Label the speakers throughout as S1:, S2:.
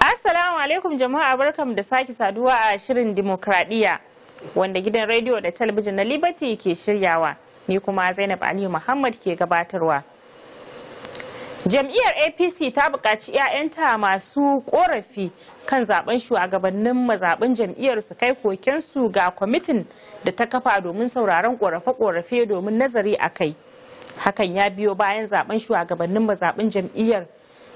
S1: assalamu alaikum jama'a barkam da sake saduwa a shirin dimokuraɗiyya wanda gidan rediyo da talabijin na liberty ke shiryawa ni kuma zainab Ani muhammad ke gabatarwa jam'iyyar apc ta buƙaci 'ya'yanta masu ƙorafi kan zaben shugabannin mazaɓin jam'iyyar su kai kokensu ga kwamitin da ta kafa domin sauraron ƙorafe-ƙorafe domin nazari a kai hakan ya biyo bayan zaben shugabannin mazaɓin jam'iyyar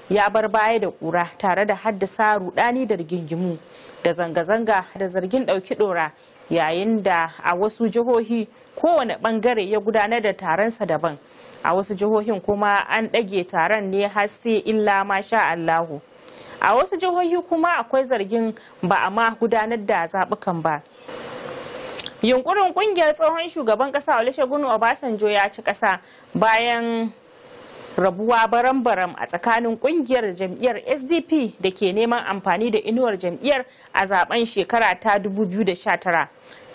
S1: ya bar baya da ƙura tare da haddasa rudani da rigingimu da zanga-zanga da zargin ɗauki ɗora yayin da a wasu jihohi kowane bangare ya gudanar da taronsa daban a wasu jihohin kuma an ɗage taron ne har sai illa sha allahu a wasu jihohi kuma akwai zargin ba a ma gudanar da zaɓukan ba yunkurin ƙungiyar tsohon shugaban ƙasa olusegun obasanjo ya ci ƙasa bayan rabuwa baram-baram a tsakanin ƙungiyar jam'iyyar sdp da ke neman amfani da inuwar jam'iyyar a zaben shekara ta 2019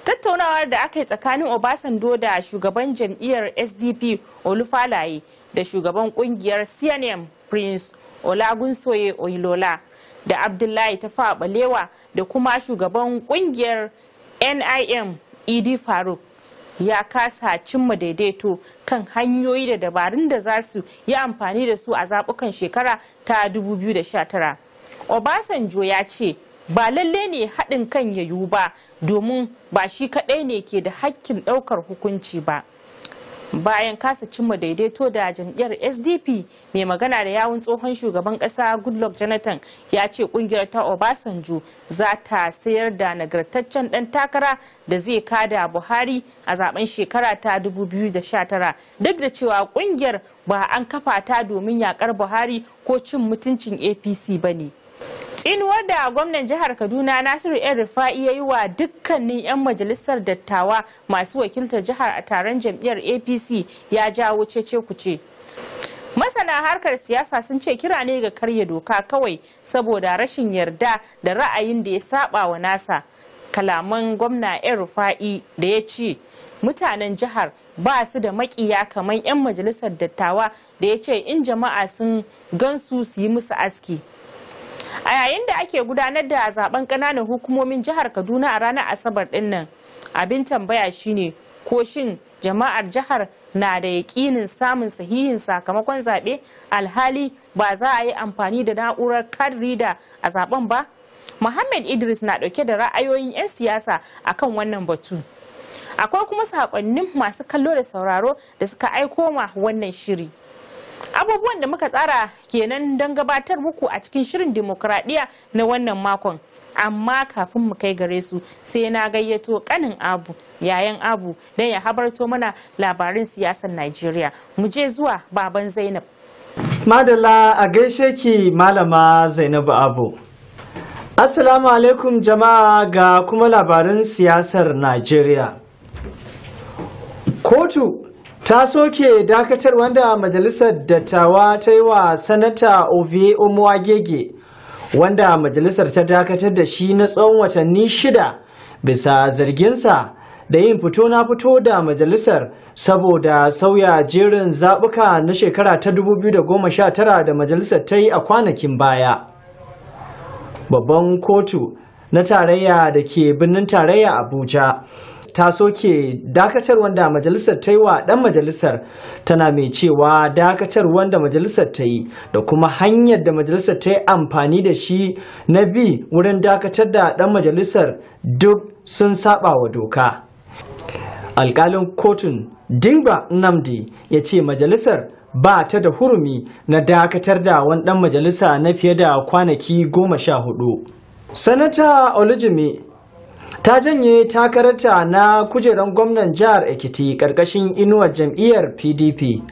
S1: tattaunawar da aka yi tsakanin obasanjo da shugaban jam'iyyar sdp olufalaye da shugaban kungiyar cnm prince olagunsoye oilola da abdullahi ta balewa da kuma shugaban kungiyar nim ed faruk ya kasa cimma daidaito kan hanyoyi da dabarun da za su yi amfani da su a zabukan shekara ta 2019 obasanjo ya ce ba lalle ne haɗin kan ya yiwu ba domin ba shi kaɗai ne ke da hakkin ɗaukar hukunci ba bayan kasa cimma daidaito da jam'iyyar sdp mai magana da yawun tsohon shugaban ƙasa goodluck jonathan ya ce ƙungiyar ta obasanjo za ta sayar da nagartaccen dan takara da zai kada buhari a zaben shekara ta 2019 duk da cewa ƙungiyar ba an kafa ta domin yakar buhari ko cin mutuncin apc ba ne inuwar da gwamnan jihar kaduna nasiru yan rufa'i ya yi wa dukkanin 'yan majalisar dattawa masu wakiltar jihar a taron jam'iyyar apc ya jawo cece kuce masana harkar siyasa sun ce kira ne ga karya doka kawai saboda rashin yarda da ra'ayin da ya saba wa nasa kalaman gwamna yan rufa'i da ya ce mutanen jihar ba su da makiya kamar 'yan majalisar dattawa da ya ce in jama'a sun gansu su yi musu aski a yayin da ake gudanar da zaben ƙananan hukumomin jihar kaduna a ranar asabar ɗinnan, abin tambaya shine ko shin jama'ar jihar na da yaƙinin samun sahihin sakamakon zaɓe alhali ba za a yi amfani da na'urar card reader a zaben ba Muhammad Idris na ɗauke da ra'ayoyin 'yan siyasa akan wannan batu. Akwai kuma saƙonnin masu kallo da sauraro da suka aiko ma wannan shiri. abubuwan da muka tsara kenan don gabatar muku a cikin shirin dimokuraɗiyya na wannan makon amma kafin mu kai gare su sai na gayyato kanin abu yayan abu don ya habarto mana labarin siyasar najeriya mu je zuwa baban zainab
S2: madalla a gaishe ki malama zainabu abu assalamu alaikum jama'a ga kuma labarin siyasar najeriya kotu ta soke dakatar wanda majalisar dattawa ta yi wa sanata ovie omuagege wanda majalisar ta dakatar da shi na tsawon watanni shida bisa zarginsa da yin fito na fito da majalisar saboda sauya jerin zaɓuka na shekara ta 2019 da majalisar ta yi a kwanakin baya babban kotu na tarayya da ke birnin tarayya abuja ta soke dakatar wanda majalisar ta yi wa dan majalisar tana mai cewa dakatar wanda majalisar ta yi da kuma hanyar da majalisar ta yi amfani da shi na bi wurin dakatar da dan majalisar duk sun saba wa doka alkalin kotun dingba namdi ya ce majalisar ba ta da hurumi na dakatar da wani dan majalisa na fiye da kwanaki goma sha hudu sanata olujimi ta janye takararta na kujeran gwamnan jihar ekiti karkashin inuwar jam'iyyar pdp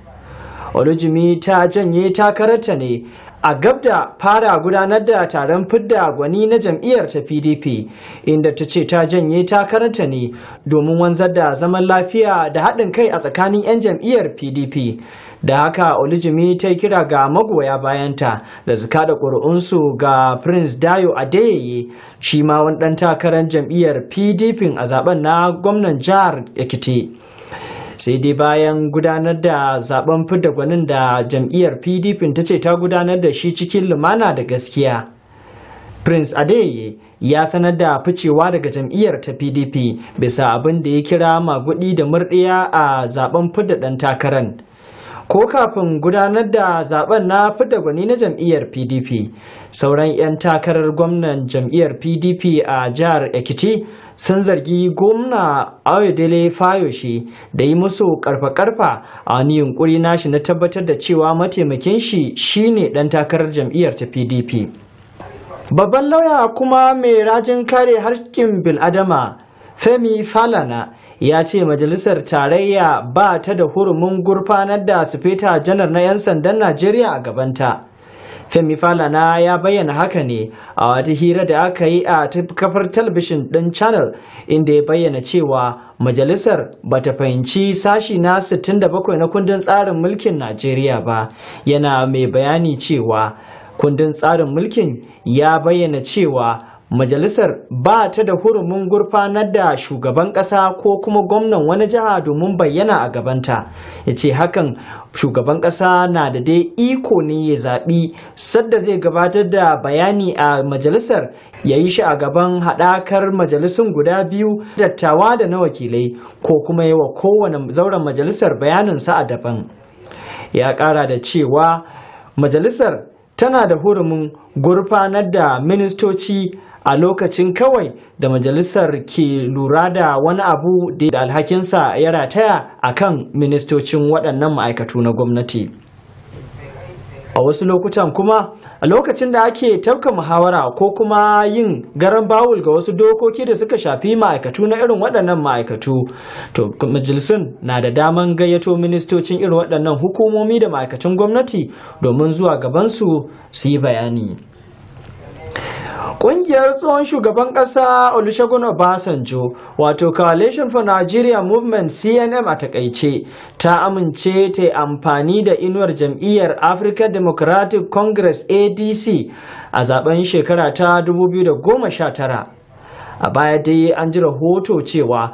S2: olujimi ta janye takararta ne a gab da fara gudanar da taron fidda gwani na jam'iyyar ta pdp inda ta ce ta janye takaranta ne domin wanzar da zaman lafiya da haɗin kai a tsakanin 'yan jam'iyyar pdp da haka olijimi ta yi kira ga magoya bayanta da zuka da ƙuri'unsu ga prince dayo adeyeye shi ma wani ɗan takarar jam'iyyar pdp a zaben na gwamnan jihar ekiti sai dai bayan gudanar da zaben fidda gwanin da jam'iyyar pdp ta ce ta gudanar da shi cikin lumana da gaskiya prince adeye ya sanar da ficewa daga jam'iyyar ta pdp bisa abin da ya kira maguɗi da murɗiya a zaben fidda ɗan takarar ko kafin gudanar da zaben na fidda gwani na jam'iyyar pdp sauran 'yan takarar gwamnan jam'iyyar pdp a jihar ekiti sun zargi gwamna ayodele fayoshi da yi musu karfa-karfa a wani yunkuri nashi na tabbatar da cewa mataimakin shi shine dan takarar jam'iyyar ta pdp babban lauya kuma mai rajin kare harkin biladama femi falana ya ce majalisar tarayya ba ta da hurumin gurfanar da sufeta janar na 'yan sandan najeriya a gabanta femi falana ya bayyana haka ne a wata hira da aka yi a kafar talabishin ɗin channel inda ya bayyana cewa majalisar ba ta fahimci sashi na 67 na kundin tsarin mulkin najeriya ba yana mai bayani cewa kundin tsarin mulkin ya bayyana cewa majalisar ba ta da hurumin gurfanar da shugaban kasa ko kuma gwamnan wani jiha domin bayyana a gabanta ya ce hakan shugaban kasa na da dai iko ne ya zaɓi sadda zai gabatar da bayani a majalisar ya yi shi a gaban haɗakar majalisun guda biyu dattawa da na wakilai ko kuma yi wa kowane zauren majalisar bayaninsa a daban ya ƙara da cewa majalisar tana da hurumin gurfanar da ministoci a lokacin kawai da majalisar ke lura da wani abu da alhakinsa ya rataya a kan ministocin waɗannan ma'aikatu na gwamnati a wasu lokutan kuma a lokacin da ake tafka muhawara ko kuma yin garan bawul ga wasu dokoki da suka shafi ma'aikatu na irin waɗannan ma'aikatu to majalisun na da daman gayyato ministocin irin waɗannan hukumomi da ma'aikacin gwamnati domin zuwa gabansu su yi bayani Ƙungiyar tsohon shugaban ƙasa Olusegun Obasanjo, wato Coalition for Nigeria Movement CNM a takaice, ta amince ta yi amfani da inuwar jam'iyyar African Democratic Congress ADC a zaben shekara ta 2019. A baya dai an ji rahoto cewa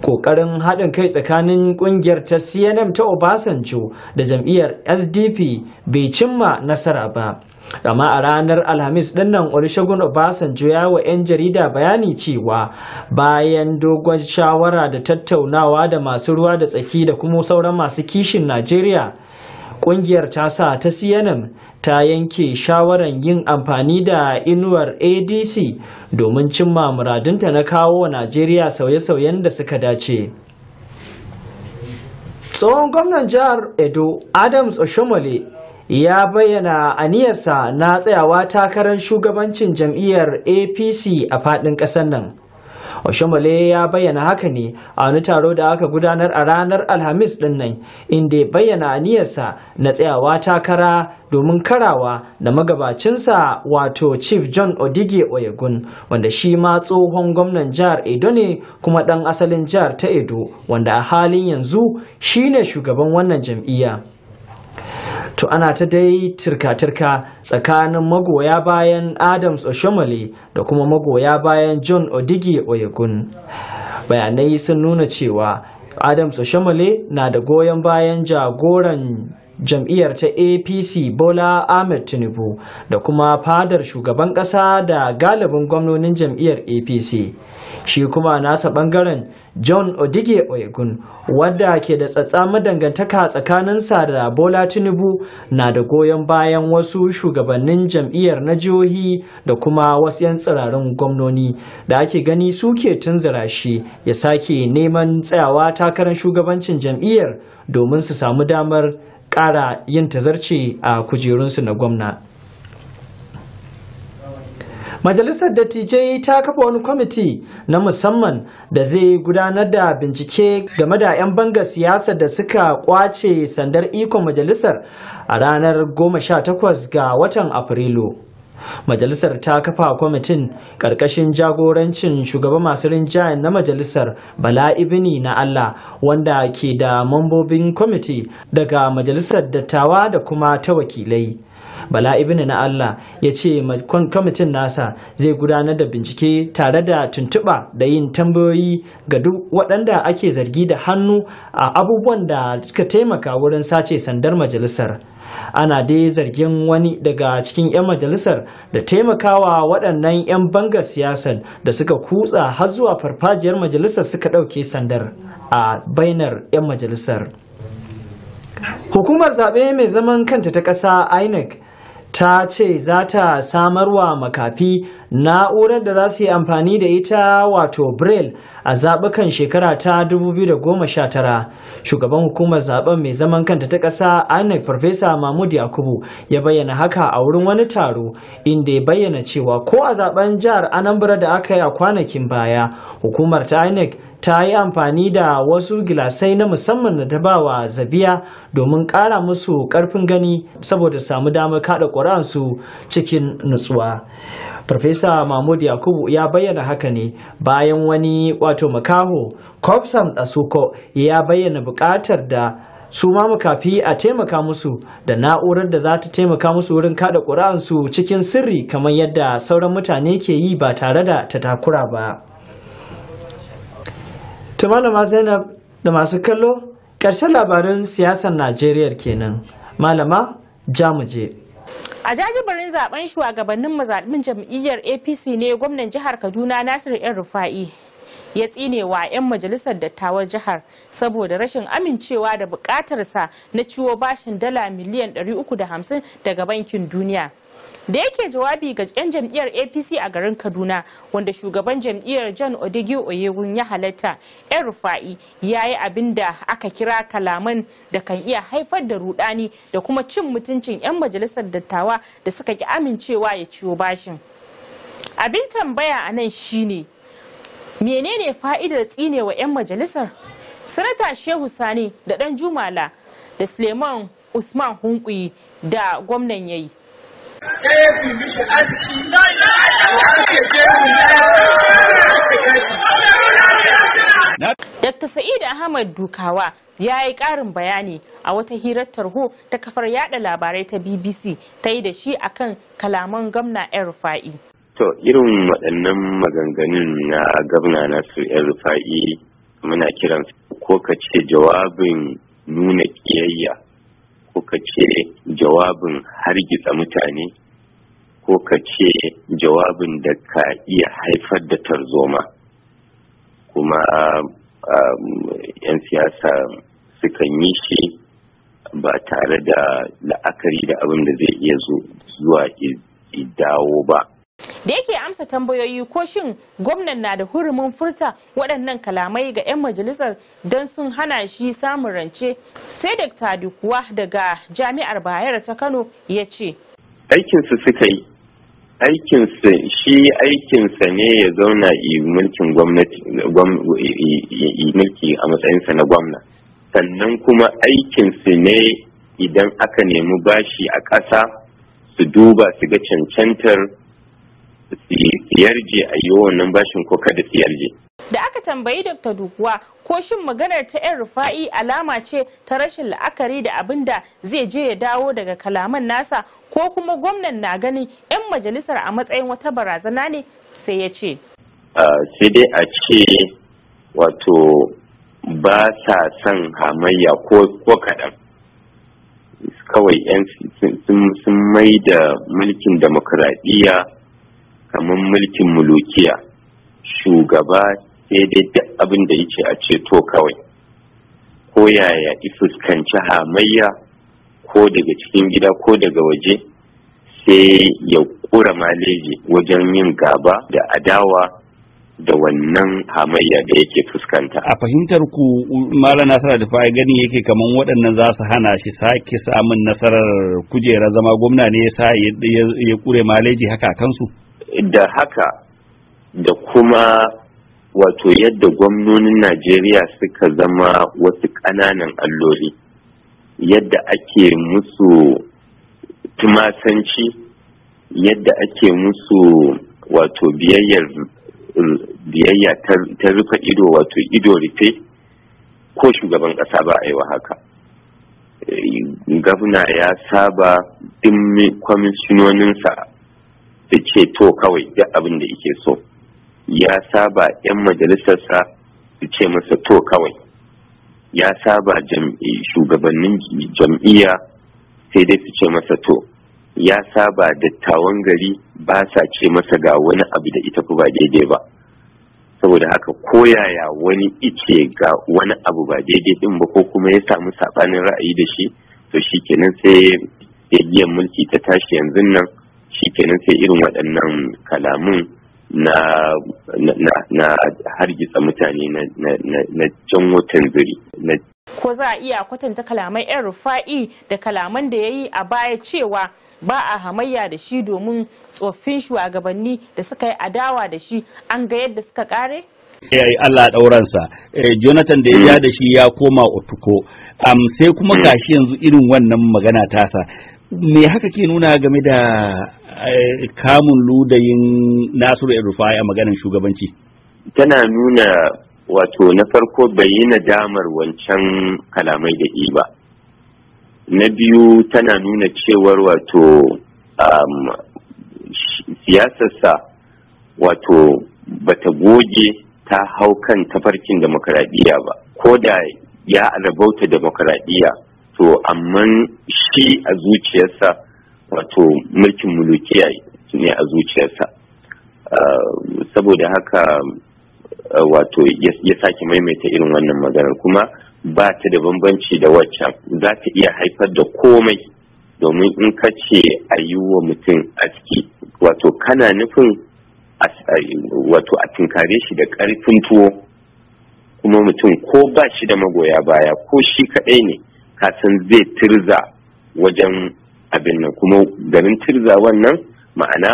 S2: ƙoƙarin haɗin kai tsakanin ƙungiyar ta cnm ta obasanjo da jam'iyyar sdp bai cimma nasara ba amma a ranar alhamis dinnan olusegun obasanjo ya wa 'yan jarida bayani cewa bayan dogon shawara da tattaunawa da masu ruwa da tsaki da kuma sauran masu kishin najeriya kungiyar ta sa ta cnn ta yanke shawaran yin amfani da inuwar adc domin cimma muradunta na kawo wa najeriya sauye-sauyen da suka dace tsohon gwamnan jihar edo adams oshomole ya bayyana a aniyarsa na tsayawa takarar shugabancin jam'iyyar apc a faɗin ƙasar nan Oshomole ya bayyana haka ne a wani taro da aka gudanar a ranar Alhamis din nan inda ya bayyana a aniyarsa na tsayawa takara domin karawa da magabacinsa wato Chief John Odige Oyegun wanda shi ma tsohon gwamnan jihar Edo ne kuma dan asalin jihar ta Edo wanda a halin yanzu shine shugaban wannan jam'iyya. to ana ta dai tirka-tirka tsakanin magoya bayan adams oshomole da kuma magoya bayan john odigi oyegun bayanai sun nuna cewa adams oshomole na da goyon bayan jagoran jam'iyyar ta apc bola ahmed tinubu da kuma fadar shugaban kasa da galibin gwamnonin jam'iyyar apc shi kuma nasa bangaren john odige oyegun wadda ke da tsatsamin dangantaka tsakaninsa da bola tinubu na da goyon bayan wasu shugabannin jam'iyyar na jihohi da kuma wasu 'yan tsirarin gwamnoni da ake gani suke tun shi ya sake neman tsayawa takarar shugabancin jam'iyyar domin su samu damar Kara yin tazarci a kujerunsu na gwamna majalisar dattijai ta kafa wani kwamiti na musamman da zai gudanar da bincike game da 'yan banga siyasa da suka kwace sandar ikon majalisar a ranar 18 ga watan afrilu majalisar ta kafa kwamitin ƙarƙashin jagorancin shugaba masu rinjayen na majalisar bala ibini na allah wanda ke da mambobin kwamiti daga majalisar dattawa da kuma ta wakilai bala ibn na allah ya ce kwamitin nasa zai gudanar da bincike tare da tuntuɓa da yin tambayoyi ga duk waɗanda ake zargi da hannu a abubuwan da suka taimaka wurin sace sandar majalisar ana dai zargin wani daga cikin 'yan majalisar da taimakawa waɗannan 'yan bangar siyasar da suka kutsa har zuwa farfajiyar majalisar suka ɗauke sandar a bainar 'yan majalisar hukumar zaɓe mai zaman kanta ta ƙasa inec ta ce za ta samarwa makafi na'urar da za su yi amfani da ita wato braille a zaɓukan shekara ta 2019 shugaban hukumar zaben mai zaman kanta ta ƙasa inec farfesa mahmud yakubu ya bayyana haka a wurin wani taro inda ya bayyana cewa ko a zaben jihar anambra da aka yi a kwanakin baya hukumar ta inec ta yi amfani da wasu gilasai na musamman da ta ba wa zabiya domin ƙara musu ƙarfin gani saboda samu damar kada ƙuransu cikin nutsuwa farfesa mahmud yakubu ya bayyana haka ne bayan wani wato makaho Kofsam Asuko ya bayyana buƙatar da su ma makafi a taimaka musu da na'urar da za ta taimaka musu wurin kada ƙuransu cikin sirri kamar yadda sauran mutane ke yi ba tare da ta takura ba. to malama zainab da masu kallo ƙarshen labarin siyasar najeriya kenan malama jamuje
S1: a jajibarin zaben shugabannin mazaɓin jam'iyyar apc ne gwamnan jihar kaduna nasiru yan rufa'i ya tsine wa 'yan majalisar Dattawar jihar saboda rashin amincewa da buƙatarsa na ciwo bashin dala miliyan 350 daga bankin duniya da yake jawabi ga 'yan jam'iyyar apc a garin kaduna wanda shugaban jam'iyyar john odegi oyegun ya halatta yan rufa'i ya yi abin da aka kira kalaman da kan iya haifar da rudani da kuma cin mutuncin 'yan majalisar dattawa da suka ki amincewa ya ciwo bashin abin tambaya a nan shine menene fa'idar tsinewa 'yan majalisar sanata shehu sani da dan jumala da suleiman usman hunkuyi da gwamnan yayi
S3: ɗaya mishi aski ake Dr.
S1: Sa'id Ahmad Dukawa ya yi ƙarin bayani a wata hirar tarho ta kafar yada labarai ta BBC ta yi da shi akan kalaman gwamna 'yan rufa'i.
S4: To irin waɗannan maganganun na gamna nasu 'yan rufa'i muna kiransu ko ka ce jawabin nuna ƙiyayya ko ka ce jawabin hargitsa mutane ko ka ce jawabin da ka iya haifar da tarzoma kuma um, yan siyasa sukan yi shi ba tare da la'akari da abin da zai iya zuwa dawo ba
S1: da yake amsa tambayoyi ko shin gwamnan na da hurumin furta waɗannan kalamai ga 'yan majalisar don sun hana shi samun rance sai da kuwa daga jami'ar bayar ta kano ya ce
S4: aikinsu suka yi aikinsa shi aikinsa ne ya zauna mulkin gwamnati mulki a matsayinsa na gwamna sannan kuma aikinsu ne idan aka nemi bashi a ƙasa su duba su ga cancantar yarje a yi wannan bashin ko kada su yarje.
S1: Da aka tambayi Dr. Dukuwa ko shin maganar ta 'yan rufa'i alama ce ta rashin la'akari da abin da zai je ya dawo daga kalaman nasa ko kuma gwamnan na ganin 'yan majalisar a matsayin wata barazana ne sai ya ce.
S4: Sai dai a ce wato ba sa son hamayya ko kaɗan. kawai 'yan sun mai da mulkin demokuraɗiyya kamar mulkin mulukiya shugaba sai dai duk abin da yake a ceto kawai ko yaya fuskanci hamayya ko daga cikin gida ko daga waje sai ya kura maleji wajen yin gaba da adawa da wannan hamayya da yake fuskanta.
S5: A fahimtar ku Malam Nasara da fa'a gani yake kamar waɗannan za su hana shi sake samun nasarar kujerar zama gwamna ne ya sa ya kure maleji haka kansu? da
S4: haka da kuma wato yadda gwamnonin najeriya suka zama wasu ƙananan alloli yadda ake musu tumasanci yadda ake musu wato biyayyar biyayya ta rufe ido wato ido rufe ko shugaban ƙasa ba a yi wa haka eh, gwamna ya saba ɗin kwamishinoninsa su ce to kawai duk abin da yake so ya saba 'yan majalisarsa su ce masa to kawai ya saba shugabannin jam'iyya sai dai su ce masa to ya saba dattawan gari ba sa ce masa ga wani abu da ita ba daidai ba saboda haka koyaya wani ice ga wani abu ba daidai din ba ko kuma ya samu saɓanin ra'ayi da shi to shi kenan sai ya mulki ta tashi yanzu nan shikenan sai irin waɗannan kalamun na hargitsa mutane na can watan zuri
S1: ko za a iya kwatanta kalaman yan rufa'i da kalaman da ya yi a baya cewa ba a hamayya da shi domin tsoffin shugabanni da suka yi adawa da shi an ga yadda suka kare?
S5: yayi Allah ɗauransa eh, Jonathan da ya da shi ya koma otuko sai kuma hmm. gashi yanzu irin wannan magana tasa me haka ke nuna game da Eh, kamun ludayin nasiru rufai a maganar shugabanci
S4: tana nuna wato na farko bai yi nadamar wancan kalamai da ba na biyu tana nuna cewar wato um, siyasarsa wato bata goge ta hau kan tafarkin demokradiyya ba ko da ya rabauta demokradiyya to amma shi a zuciyarsa wato mulkin mulukiya ne a zuciyarsa ah, saboda haka ah, wato ya sake maimaita irin wannan maganar kuma ba ta da bambanci da waccan za ta iya haifar da komai domin in ka ce a yi wa mutum aski wato kana nufin wato a tinkare shi da ƙarfin tuwo kuma mutum ko ba shi da magoya baya ko shi kaɗai ne kasan zai tirza wajen abin nan kuma garin tirza wannan ma'ana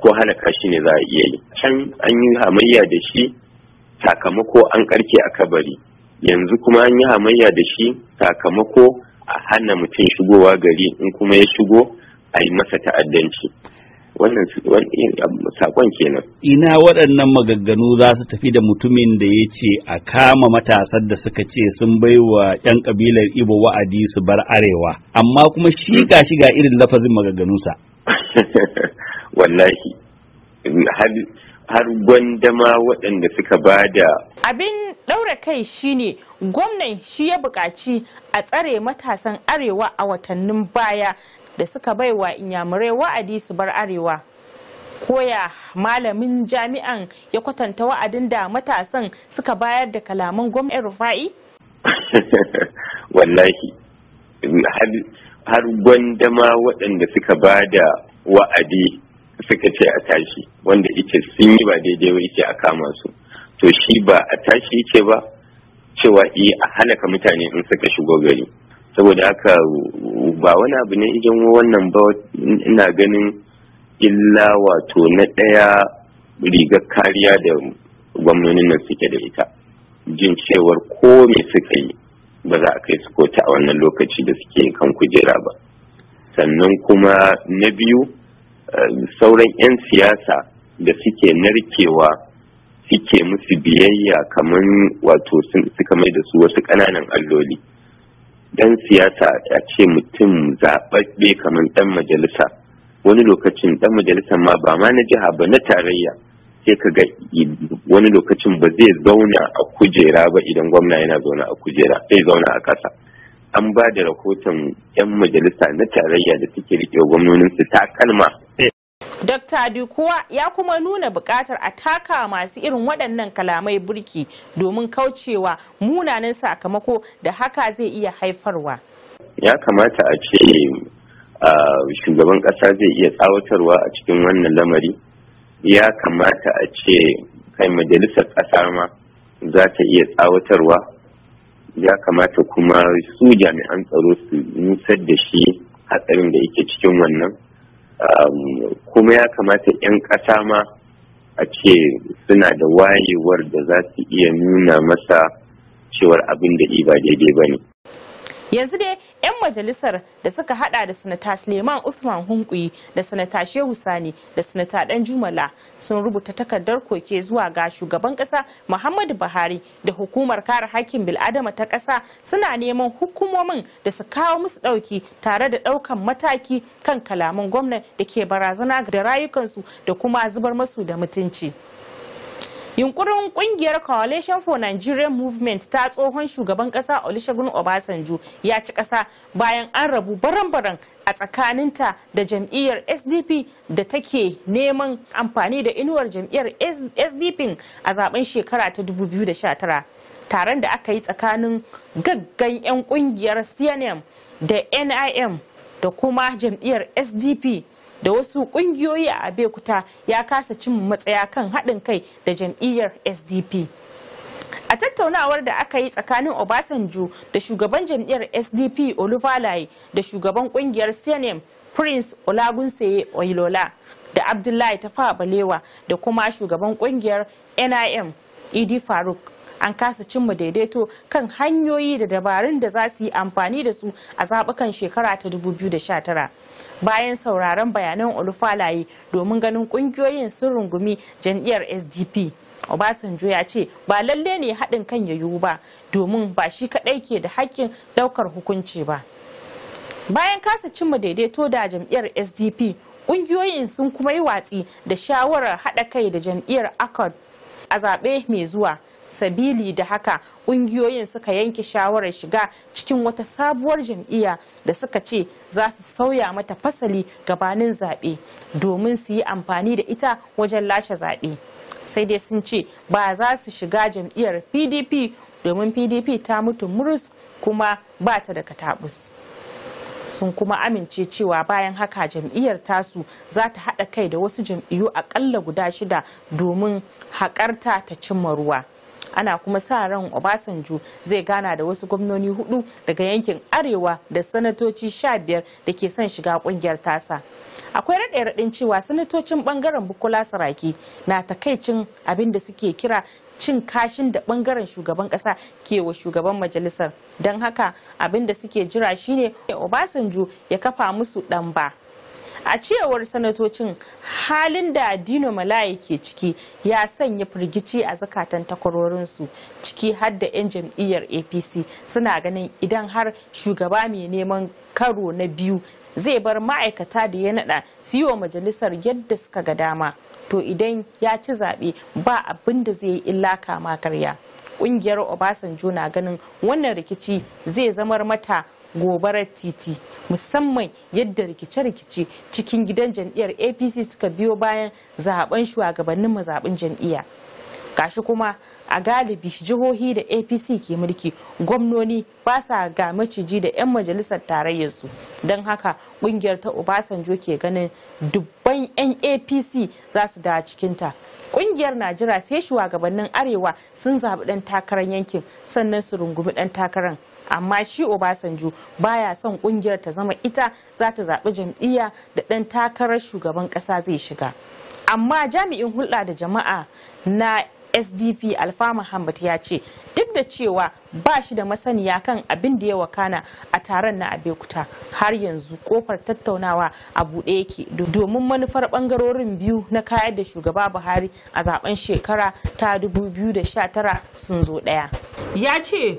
S4: ko halaka shi ne za a iya yi can an yi hamayya da shi sakamako an karke a kabari yanzu kuma an yi hamayya da shi sakamako a hana mutum shigowa gari in kuma ya shigo a yi masa ta'addanci wannan sakon kenan
S5: ina waɗannan magagganu za su tafi da mutumin da ya ce a kama matasan da suka ce sun bai wa yan ƙabilar ibo wa'adi su bar arewa amma kuma shi ga shi ga irin lafazin magagganusa
S4: wallahi har gwandama waɗanda suka ba da?
S1: Abin ɗaura kai shine gwamnan shi ya buƙaci a tsare matasan arewa a watannin baya da suka baiwa inyamurai wa'adi su bar arewa koya malamin jami'an ya kwatanta wa'adin da matasan suka bayar da kalaman gwamnati rufa'i?
S4: wallahi har gwanda ma waɗanda suka ba da wa'adi suka ce a tashi wanda ita sun yi ba daidai wa ike a kama su to shi ba a tashi yake ba cewa iya eh, a halaka mutane in suka shigo gari saboda haka ba wani abu ne idan wannan ba ina ganin illa wato na ɗaya rigar kariya da gwamnonin nan suke da ita jin cewar ko me suka yi ba za a kai su kota a wannan lokaci da suke kan kujera ba sannan kuma na biyu eh, sauran 'yan siyasa da suke narkewa suke musu biyayya kamar wato suka mai da su wasu ƙananan alloli. dan siyasa a ce mutum zaɓaɓɓe kamar dan majalisa wani lokacin dan majalisa ma ba ma na jiha ba na tarayya sai ka ga wani lokacin ba zai zauna a kujera ba idan gwamna yana zauna a kujera zai zauna a ƙasa an ba da rahoton 'yan majalisa na tarayya da suke riƙe gwamnoninsu takalma
S1: Dr. Dukuwa ya kuma nuna buƙatar a taka masu irin waɗannan kalamai burki domin kaucewa munanan sakamako da haka zai iya haifarwa.
S4: Ya kamata a ce shugaban ƙasa zai iya tsawatarwa a cikin wannan lamari. Ya kamata a ce kai majalisar ƙasa ma za ta iya tsawatarwa. Ya kamata kuma su jami'an tsaro su nusar da shi hatsarin da yake cikin wannan. kuma ya kamata 'yan ƙasa ma a ce suna da wayewar da za su iya nuna masa cewar abin da ba daidai ba ne
S1: yanzu dai 'yan majalisar da suka hada da sanata suleiman uthman hunkuyi da sanata shehu sani da sanata dan jumala sun rubuta takardar koke zuwa ga shugaban kasa muhammadu buhari da hukumar kare hakkin bil'adama ta kasa suna neman hukumomin da su kawo musu dauki tare da daukan mataki kan kalaman gwamna da ke barazana da rayukansu da kuma zubar masu da mutunci. Yunkurin kungiyar Coalition for Nigerian Movement ta tsohon shugaban kasa Olusegun Obasanjo ya ci kasa bayan an rabu baran-baran a tsakaninta da jam'iyyar SDP da take neman amfani da inuwar jam'iyyar SDP a zaben shekara ta 2019. Taron da aka yi tsakanin gaggan 'yan kungiyar CNM da NIM da kuma jam'iyyar SDP da wasu kungiyoyi a abekuta ya kasa cin matsaya kan haɗin kai da jam'iyyar sdp a tattaunawar da aka yi tsakanin obasanjo da shugaban jam'iyyar sdp olufalaye da shugaban kungiyar cnm prince olagunseye oilola da abdullahi tafa balewa da kuma shugaban kungiyar nim idi faruk an kasa cimma daidaito kan hanyoyi da dabarun da za su yi amfani da su a zaɓukan shekara ta 2019 bayan sauraron bayanan olufalaye domin ganin ƙungiyoyin sun rungumi jam'iyyar sdp Obasanjo ya ce ba lalle ne haɗin kan ya yiwu ba domin ba shi kaɗai ke da hakkin ɗaukar hukunci ba. Bayan kasa cimma daidaito da jam'iyyar SDP, ƙungiyoyin sun kuma yi watsi da shawarar haɗa kai da jam'iyyar Accord a zaɓe mai zuwa sabili da haka ƙungiyoyin suka yanke shawarar shiga cikin wata sabuwar jam'iyya da suka ce za su sauya mata fasali gabanin zaɓe domin su yi amfani da ita wajen lashe zaɓe sai dai sun ce ba za su shiga jam'iyyar pdp domin pdp ta mutu murus kuma ba ta da katabus sun kuma amince cewa bayan haka jam'iyyar tasu za ta haɗa kai da wasu jam'iyyu aƙalla guda shida domin haƙarta ta cimma ruwa. ana kuma sa ran obasanjo zai gana da wasu gwamnoni hudu daga yankin arewa da sanatoci sha biyar da ke son shiga kungiyar tasa akwai raɗe raɗin cewa sanatocin bangaren bukola saraki na takaicin abin da suke kira cin kashin da bangaren shugaban kasa ke wa shugaban majalisar don haka abin da suke jira shine obasanjo ya kafa musu ɗan ba a cewar sanatocin halin da dino malaye ke ciki ya sanya firgici a zakatan takwarorinsu ciki har da 'yan jam'iyyar apc suna ganin idan har shugaba mai neman karo na biyu zai bar ma'aikata da ya nada su yi wa majalisar yadda suka ga dama to idan ya ci zaɓe ba abin da zai yi illa kama karya ƙungiyar obasanjo na ganin wannan rikici zai zamar mata gobarar titi musamman yadda rikice-rikice cikin gidan jam'iyyar apc suka biyo bayan zaben shugabannin mazaɓin jam'iyya gashi kuma a galibi jihohi da apc ke mulki gwamnoni ba sa ga maciji da 'yan majalisar su don haka kungiyar ta obasanjo ke ganin dubban 'yan apc za su da cikinta kungiyar na jira sai shugabannin arewa sun zaɓi ɗan takarar yankin sannan su rungumi ɗan takarar amma shi obasanjo baya son kungiyar ta zama ita za ta zaɓi jam'iyya da ɗan takarar shugaban ƙasa zai shiga amma jami'in hulɗa da jama'a na sdp alfa muhammad ya ce duk da cewa ba shi da masaniya kan abin da ya wakana a taron na abekuta har yanzu kofar tattaunawa a buɗe yake domin manufar ɓangarorin biyu na kayar da shugaba buhari a zaben shekara ta 2019 sun zo ɗaya ya ce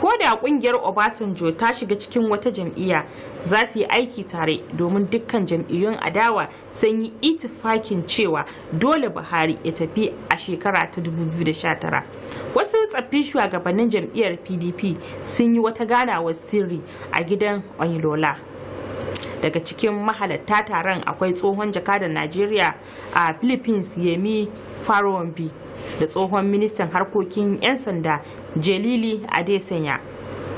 S1: ko da kungiyar obasanjo ta shiga cikin wata jam'iyya za su yi aiki tare domin dukkan jam'iyyun adawa sun yi itifakin cewa dole buhari ya tafi a shekara ta 2019 wasu tsaffin shugabannin jam'iyyar pdp sun yi wata ganawar sirri a gidan onilola daga cikin mahalatta taron akwai tsohon jakadan najeriya a philippines yemi farowambi da tsohon ministan harkokin 'yan sanda jelili adesanya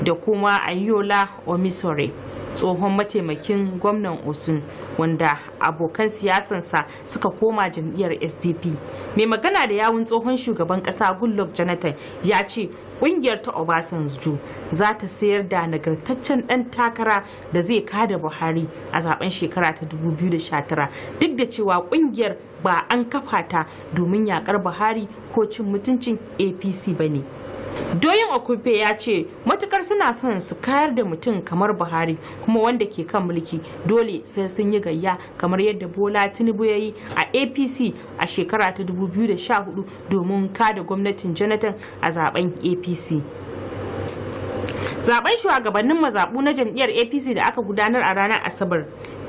S1: da kuma ayola omisore tsohon mataimakin gwamnan osun wanda abokan siyasansa suka koma jam'iyyar sdp mai magana da yawun tsohon shugaban kasa goodluck jonathan ya ce kungiyar ta obasanjo za ta sayar da nagartaccen dan takara da zai kada buhari a zaben shekara ta 2019 duk da cewa kungiyar ba an kafa ta domin yakar buhari ko cin mutuncin apc ba ne doyin okupe ya ce matukar suna son su kayar da mutum kamar buhari kuma wanda ke kan mulki dole sai sun yi gayya kamar yadda bola tinubu ya yi a apc a shekara ta 2014 domin kada gwamnatin jonathan a zaben apc zaben shugabannin mazaɓu na jam'iyyar apc da aka gudanar a ranar asabar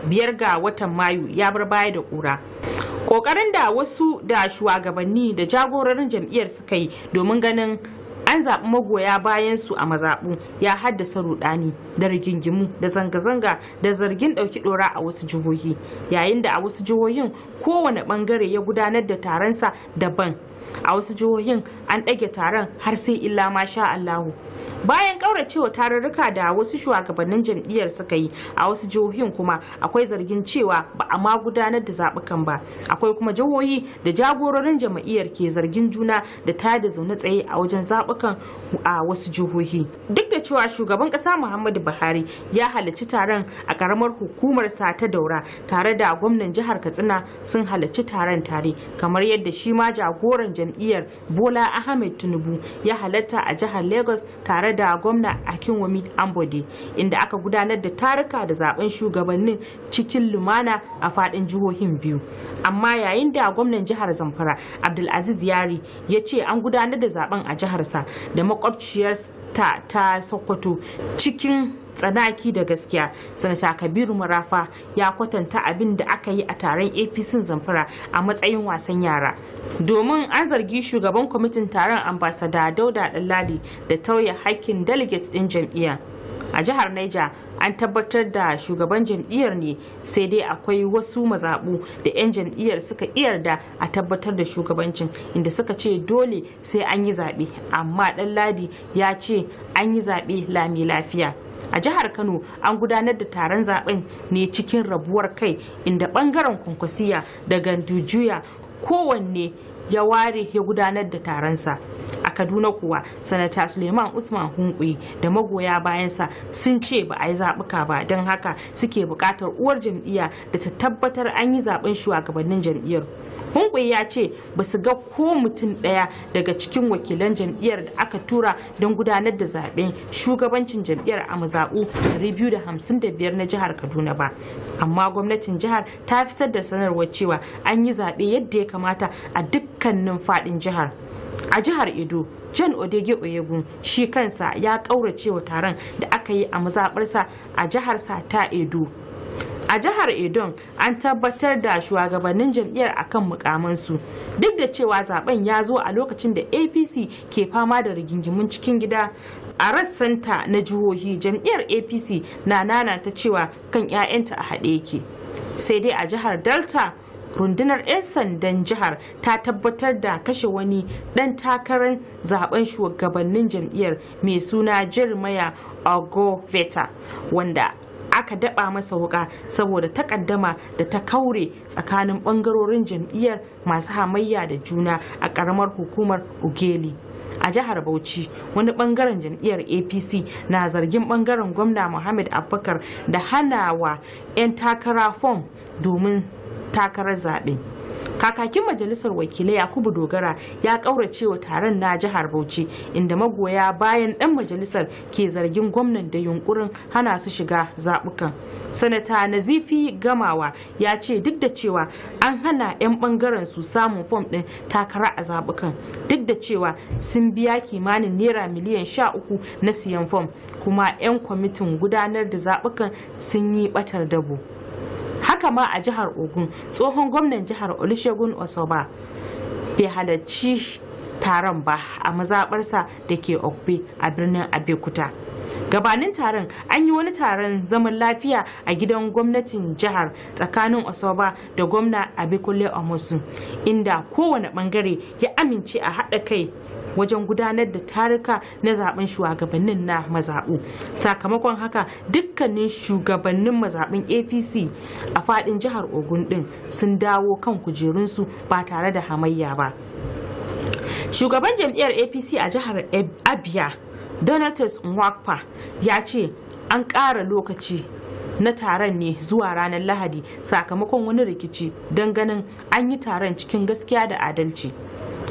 S1: biyar ga watan mayu ya bar baya da kura kokarin da wasu da shugabanni da jagororin jam'iyyar suka yi domin ganin an zaɓi magoya bayan su a mazaɓu ya haddasa rudani da rigingimu da zanga-zanga da zargin ɗauki ɗora a wasu jihohi yayin da a wasu jihohin kowane ɓangare ya gudanar da taronsa daban a wasu jihohin an ɗage taron har sai illa ma sha Allahu. Bayan ƙauracewa tarurruka da wasu shugabannin jam'iyyar suka yi a wasu jihohin kuma akwai zargin cewa ba a ma gudanar da zaɓukan ba. Akwai kuma jihohi da jagororin jam'iyyar ke zargin juna da tada zaune tsaye a wajen zaɓukan a wasu jihohi. Duk da cewa shugaban ƙasa Muhammadu Buhari ya halarci taron a ƙaramar hukumar sa ta daura tare da gwamnan jihar Katsina sun halarci taron tare kamar yadda shi ma jagoran jam'iyyar bola ahmed tinubu ya halatta a jihar lagos tare da gwamna akinwami ambode inda aka gudanar da taruka da zaben shugabannin cikin lumana a fadin jihohin biyu amma yayin da gwamnan jihar zamfara abdulaziz yari ya ce an gudanar da zaben a jiharsa da makwabciyar ta ta sokoto cikin tsanaki da gaskiya sanata kabiru marafa ya kwatanta abin da aka yi a taron apc zamfara a matsayin wasan yara domin an zargi shugaban kwamitin taron ambasada dauda dallali da tauye hakkin delegates din jam'iyya a jihar niger an tabbatar da shugaban jam'iyyar ne sai dai akwai wasu mazaɓu da 'yan jam'iyyar suka iyarda a tabbatar da shugabancin inda suka ce dole sai an yi zaɓe amma ɗan ladi ya ce an yi zaɓe lami lafiya a jihar kano an gudanar da taron zaɓen ne cikin rabuwar kai inda ɓangaren kwankwasiya da gandujuya kowanne ya ware ya gudanar da taronsa a kaduna kuwa sanata suleiman usman hunkuri da magoya bayansa sun ce ba a yi zaɓuka ba don haka suke buƙatar uwar jam'iyya da ta tabbatar an yi zaɓen shugabannin jam'iyyar hunkuri ya ce ba su ga ko mutum ɗaya daga cikin wakilan jam'iyyar da aka tura don gudanar da zaɓen shugabancin jam'iyyar a mazaɓu 255 na jihar kaduna ba amma gwamnatin jihar ta fitar da sanarwar cewa an yi zaɓe yadda ya kamata a duk dukkanin fadin jihar a jihar edo jan odege oyegun shi kansa ya kaurace wa taron da aka yi a mazabarsa a jiharsa ta edo a jihar edon an tabbatar da shugabannin jam'iyyar akan mukamansu duk da cewa zaben ya zo a lokacin da apc ke fama da rigingimun cikin gida a rassanta na jihohi jam'iyyar apc na nana ta cewa kan 'ya'yanta a haɗe yake sai dai a jihar delta rundunar 'yan sandan jihar ta tabbatar da kashe wani dan takarar zaben shugabannin jam'iyyar mai suna jeremiah ogoveta wanda aka daba masa wuka saboda takaddama da ta kaure tsakanin bangarorin jam'iyyar masu hamayya da juna a karamar hukumar ugeli a jihar bauchi wani bangaren jam'iyyar apc na zargin bangaren gwamna muhammad abubakar da hanawa 'yan takara fom domin takarar zaɓe. kakakin majalisar wakilai yakubu dogara ya kauracewa taron na jihar bauchi inda magoya bayan ɗan majalisar ke zargin gwamnan da yunkurin hana su shiga zaɓukan. sanata nazifi gamawa ya ce duk da cewa an hana 'yan ɓangaren su samun fom ɗin takara a zaɓukan, duk da cewa sun biya kimanin naira miliyan sha uku na siyan fom kuma 'yan kwamitin gudanar da zaɓukan sun yi ɓatar dabo. haka ma a jihar ogun tsohon gwamnan jihar olusegun osoba bai halarci taron ba a mazabarsa da ke okpe a birnin abekuta gabanin taron an yi wani taron zaman lafiya a gidan gwamnatin jihar tsakanin osoba da gwamna abikunle omosu inda kowane bangare ya amince a haɗa kai wajen gudanar da taruka na zaben shugabannin na mazaɓu sakamakon haka dukkanin shugabannin mazaɓin apc a faɗin jihar ogun ɗin sun dawo kan kujerunsu ba tare da hamayya ba shugaban jam'iyyar apc a jihar abia donatus nwakpa ya ce an ƙara lokaci na taron ne zuwa ranar lahadi sakamakon wani rikici don ganin an yi taron cikin gaskiya da adalci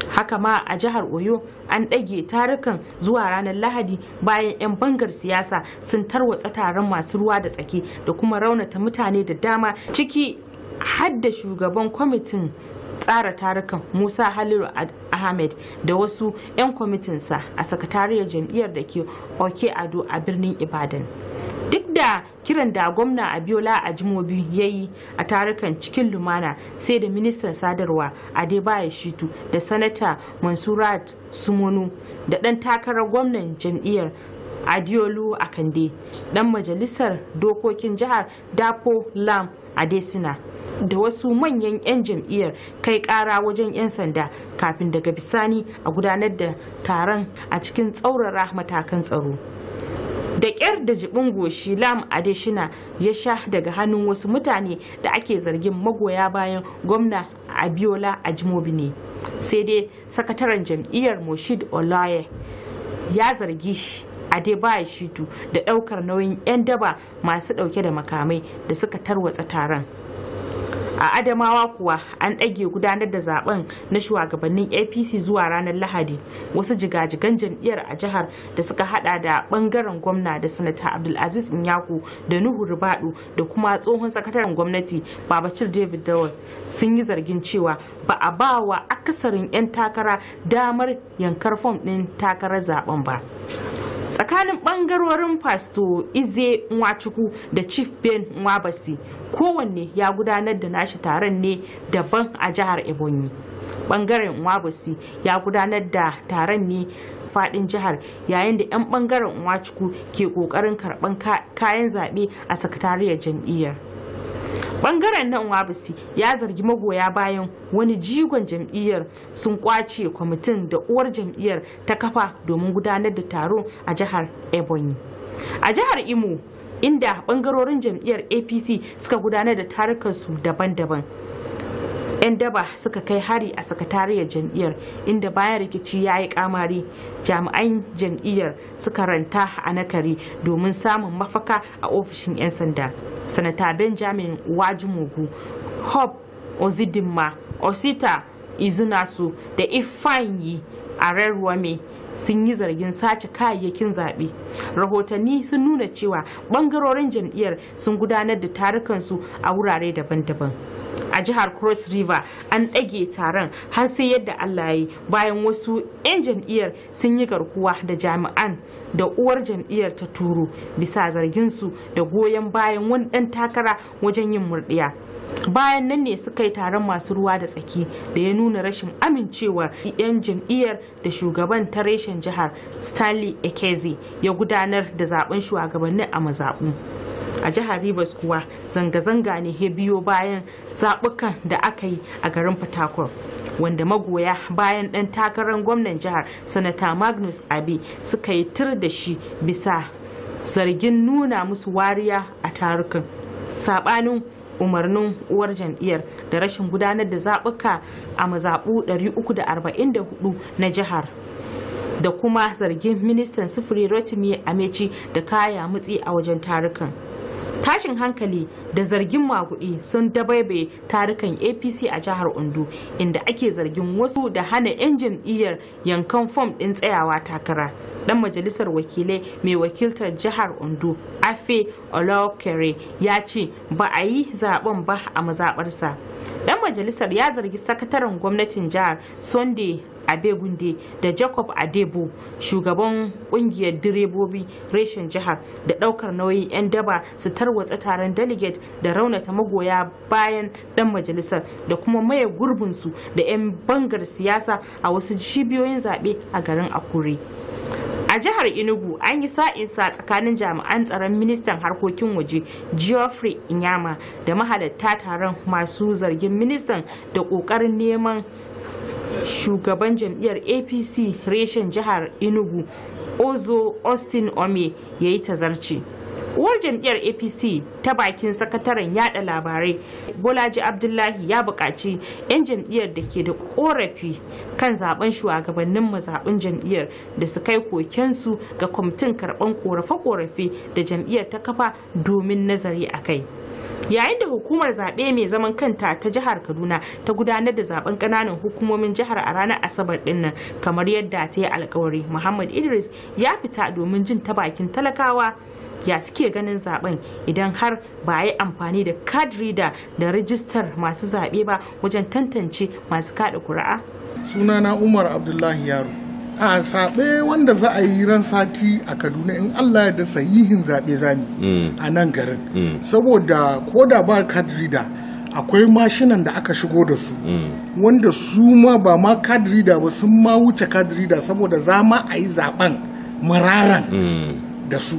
S1: haka ma a jihar oyo an ɗage tarukan zuwa ranar lahadi bayan 'yan bangar siyasa sun tarwatsa taron masu ruwa da tsaki da kuma raunata mutane da dama ciki hadda shugaban kwamitin tsara tarukan musa halilu ahmed da wasu 'yan kwamitinsa a sakatariyar jam'iyyar da ke oke ado a birnin ibadan duk da kiran da gwamna abiola ajimobi ya yi a tarukan cikin lumana sai da ministan sadarwa adebayo shitu da sanata mansurat sumonu da ɗan takarar gwamnan jam'iyyar adiolu akande ɗan majalisar dokokin jihar dapo lam adesina da wasu manyan 'yan jam'iyyar kai kara wajen 'yan sanda kafin daga bisani a gudanar da taron a cikin tsaurara matakan tsaro da ƙyar da jibin goshi lam adeshina ya sha daga hannun wasu mutane da ake zargin magoya bayan gwamna abiola ajimobi ne sai dai sakataren jam'iyyar moshid olaye ya zargi Adebayo Shitu da ɗaukar nauyin 'yan daba masu ɗauke da makamai da suka tarwatsa taron. a adamawa kuwa an ɗage gudanar da zaben na shugabannin apc zuwa ranar lahadi wasu jigajigan jam'iyyar a jihar da suka hada da bangaren gwamna da sanata abdulaziz inyaku da nuhu ribadu da kuma tsohon sakataren gwamnati babacir david dawal sun yi zargin cewa ba a ba wa akasarin 'yan takara damar yankar fom ɗin takarar zaben ba tsakanin bangarorin fasto ize nwachukwu da chief ben nwabasi kowanne ya gudanar da nashi taron ne daban a jihar ebonyi bangaren nwabasi ya gudanar da taron ne fadin jihar yayin da 'yan bangaren nwachukwu ke kokarin karban kayan zaɓe a sakatariyar jam'iyyar bangaren nan wabisi ya zargi magoya bayan wani jigon jam'iyyar sun kwace kwamitin da uwar jam'iyyar ta kafa domin gudanar da taro a jihar ebonyi a jihar imo inda bangarorin jam'iyyar apc suka gudanar da tarukansu daban-daban 'yan daba suka kai hari a sakatariyar jam'iyyar inda bayan rikici ya yi kamari jami'an jam'iyyar suka ranta a nakari domin samun mafaka a ofishin 'yan sanda sanata benjamin wajimugu hob ozidimma osita izunasu da ifanyi a Rarwame sun yi zargin sace kayayyakin zaɓe. Rahotanni sun nuna cewa ɓangarorin jam'iyyar sun gudanar da tarukansu a wurare daban-daban. A jihar Cross River an ɗage taron har sai yadda Allah yi bayan wasu 'yan jam'iyyar sun yi garkuwa da jami'an da uwar jam'iyyar ta turu, bisa zarginsu da goyon bayan wani ɗan takara wajen yin murɗiya. bayan nan ne suka yi taron masu ruwa da tsaki da ya nuna rashin amincewar 'yan jam'iyyar da shugaban ta reshen jihar stanley ekeze ya gudanar da zaben shugabannin a mazaɓu a jihar rivers kuwa zanga-zanga ne ya biyo bayan zaɓukan da aka yi a garin fatakwal wanda magoya bayan ɗan takarar gwamnan jihar sanata magnus abe suka yi tur da shi bisa zargin nuna musu wariya a tarukan saɓanin umarnin uwar jam'iyyar da rashin gudanar da zaɓuka a mazaɓu 344 na jihar da kuma zargin ministan sufuri rotimi amechi da kaya mutsi a wajen tarukan tashin hankali da zargin maguɗi sun dabaibaye tarukan apc a jihar ondo inda ake zargin wasu da hana 'yan jam'iyyar yankan fom ɗin tsayawa takara ɗan majalisar wakilai mai wakiltar jihar ondo afe olokere ya ce ba a yi zaben ba a mazaɓarsa ɗan majalisar ya zargi sakataren gwamnatin jihar sunday abegunde da jacob adebo shugaban kungiyar direbobi reshen jihar da daukar nauyin 'yan daba su tarwatsa taron delegate da raunata magoya bayan dan majalisar da kuma maye gurbin su da 'yan bangar siyasa a wasu shibiyoyin zaɓe a garin akure a jihar inugu an yi sa'insa tsakanin jami'an tsaron ministan harkokin waje geoffrey inyama da mahalatta taron masu zargin ministan da ƙoƙarin neman shugaban jam'iyyar apc reshen jihar enugu ozo austin ome ya yi tazarci uwar jam'iyyar apc ta bakin sakataren yada labarai bolaji abdullahi ya buƙaci 'yan jam'iyyar da ke da ƙorafi kan zaben shugabannin mazaɓin jam'iyyar da su kai kokensu ga kwamitin karɓan ƙorafe-ƙorafe da jam'iyyar ta kafa domin nazari a kai yayin da hukumar zaɓe mai zaman kanta ta jihar kaduna ta gudanar da zaben ƙananan hukumomin jihar a ranar asabar dinnan kamar yadda ta yi alkawari muhammad idris ya fita domin jin ta bakin talakawa ya suke ganin zaben idan har ba a yi amfani da card reader da rijistar masu zaɓe ba wajen tantance masu kaɗa ƙuri'a
S3: sunana umar abdullahi yaro a saɓe wanda za a yi ran sati a kaduna in allah da sahihin zaɓe zani mm. a nan garin mm. saboda ko da ba card reader akwai mashinan da aka shigo da su
S6: mm.
S3: wanda su ma ba ma card reader ba sun ma wuce card reader saboda za ma a yi zaɓen mararan da su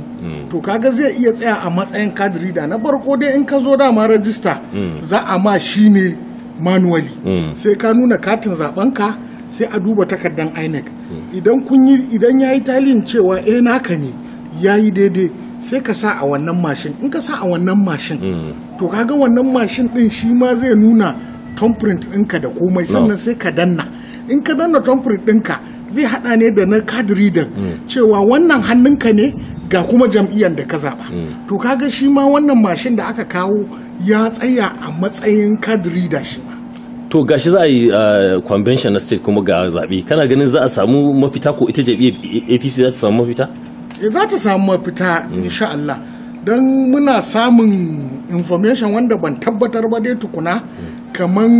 S3: to kaga zai iya tsaya a matsayin card reader na farko dai in ka zo dama rajista za a ma shi ne manuwali sai ka nuna katin zaben ka sai a duba takardan inec hmm. idan kun yi idan ya yi talin cewa eh naka ne ya yi daidai sai ka sa a wannan mashin in ka sa a wannan mashin hmm. to kaga wannan mashin din shi ma zai nuna thumbprint ɗinka da komai sannan sai ka danna in ka danna thumbprint ɗinka zai hada ne da na card reader hmm. cewa wannan hannunka ne ga kuma jam'iyyar da ka zaba to kaga shi ma wannan mashin da aka kawo ya tsaya a matsayin card reader shi ma
S7: to gashi za a yi convention na state kuma ga zaɓe kana ganin za a samu mafita ko ita jabi apc za ta samu mafita
S3: eh, za ta samu mafita mm. insha Allah don muna samun information wanda ban tabbatar ba dai tukuna mm. kamar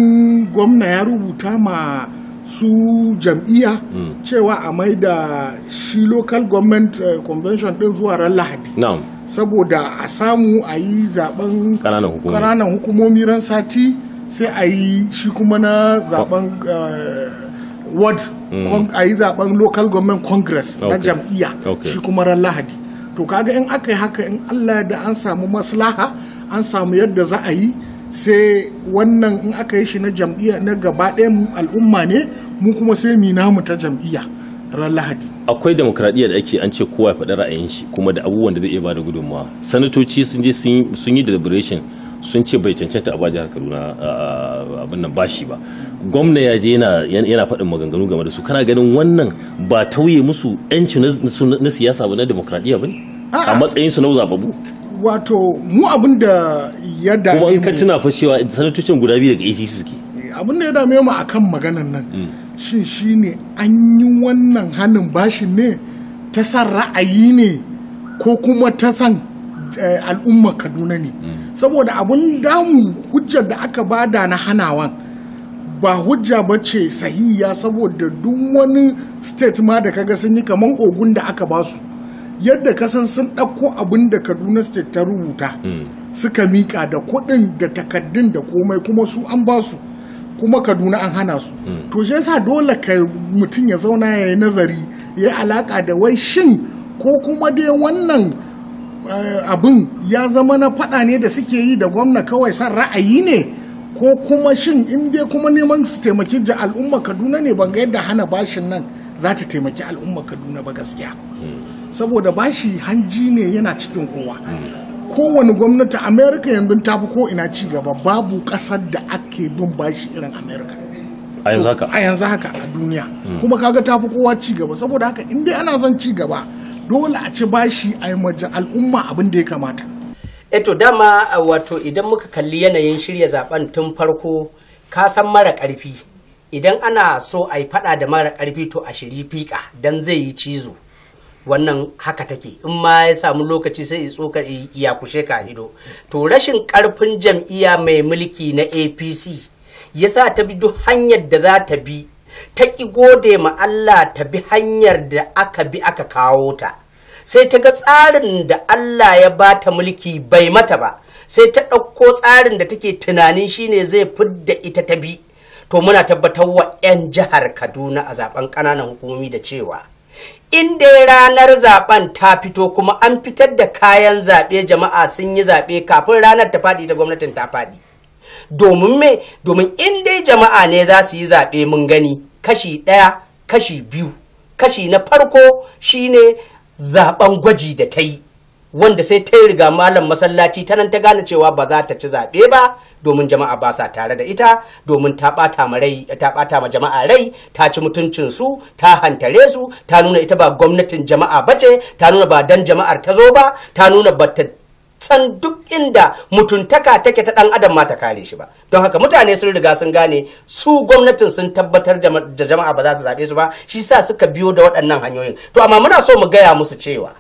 S3: gwamna ya rubuta ma su jam'iyya mm. cewa a mai da shi local government eh, convention din zuwa ran lahadi saboda a samu a yi zaben
S7: kananan
S3: hukumomi ran sati sai a yi shi kuma na zaben eh, ward mm. a yi zaben local government congress na jam'iyya shi kuma ran lahadi to kaga in aka yi haka in allah da an samu maslaha an samu yadda za a yi sai wannan in aka yi shi na jam'iyya na gaba ɗayan al'umma ne mu kuma sai mi namu ta jam'iyya ran lahadi
S7: akwai demokradiyya da ake an ce kowa ya faɗi ra'ayin shi kuma da abubuwan da zai iya bada gudunmawa sanatoci sun je sun yi deliberation sun ce bai cancanta a ba jihar kaduna abin nan bashi ba gwamna ya je yana faɗin maganganu game da su kana ganin wannan ba tauye musu yanci na siyasa ba na demokradiyya ba ne a matsayin su na zababu
S3: wato mu abin da ya dame kuma in ka
S7: tuna fa cewa sanatocin guda biyu daga APC suke
S3: abin da ya dame mu akan maganan nan mm. shin shine an yi wannan hannun bashin ne ta san ra'ayi ne ko kuma ta san eh, al'ummar Kaduna ne mm. saboda abun damu hujjar da aka bada na hanawan ba hujja ba ce sahiya saboda duk wani state ma da kaga sun yi kaman ogun da aka basu yadda ka san sun ɗauko abin da kaduna state ta rubuta hmm. suka mika da kuɗin da takaddun da komai kuma su an basu kuma kaduna an hana su hmm. to shi yasa dole ka mutum ya zauna yayi nazari ya yi alaka da wai shin ko kuma dai wannan Eh, abin ya zama na faɗa ne da suke yi da gwamna kawai san ra'ayi ne ko kuma shin in dai kuma neman su taimaki ja al'umma kaduna ne ban ga yadda hana bashin nan za ta taimaki al'umma kaduna ba gaskiya saboda bashi hanji ne yana cikin kowa kowane gwamnati amerika yanzu ta fi ko ina ci gaba babu ƙasar da ake bin bashi irin amerika a yanzu haka a duniya hmm. kuma kaga ta fi kowa ci gaba saboda haka in dai ana son ci gaba dole a ci bashi a yi al'umma abin da ya kamata
S8: eto eh dama wato idan muka kalli yanayin shirya zaben tun farko ka san mara karfi idan ana so a yi fada da mara ƙarfi to a shiri fika don zai yi cizo wannan haka take in ma ya samu lokaci sai ya tsoka ya kushe ka hido to rashin ƙarfin jam'iyya mai mulki na apc ya sa ta bi duk hanyar da za ta bi ta ƙi gode ma allah ta bi hanyar da aka bi aka kawo ta sai ta ga tsarin da Allah ya ba ta mulki bai mata ba sai ta ɗauko tsarin da take tunanin shine zai fidda ita ta bi to muna tabbatar wa 'yan jihar Kaduna a zaɓen ƙananan hukumomi da cewa inda ranar zaɓen ta fito kuma an fitar da kayan zaɓe jama'a sun yi zaɓe kafin ranar ta faɗi ta gwamnatin ta faɗi domin me domin in dai jama'a ne za su yi zaɓe mun gani kashi ɗaya kashi biyu kashi na farko shine zaben gwaji da ta yi wanda sai ta riga malam masallaci ta nan ta gane cewa ba za ta ci zaɓe ba domin jama'a ba sa tare da ita domin ta ɓata ma jama'a rai ta ci mutuncinsu ta hantare su ta nuna ita ba gwamnatin jama'a bace ta nuna ba dan jama'ar ta zo ba ta nuna ba ta can duk inda mutuntaka take ta dan adam ma ta kare shi ba don haka mutane sun riga sun gane su gwamnatin sun tabbatar da jama'a ba za su zaɓe su ba shi sa suka biyo da waɗannan hanyoyin to amma muna so mu gaya musu cewa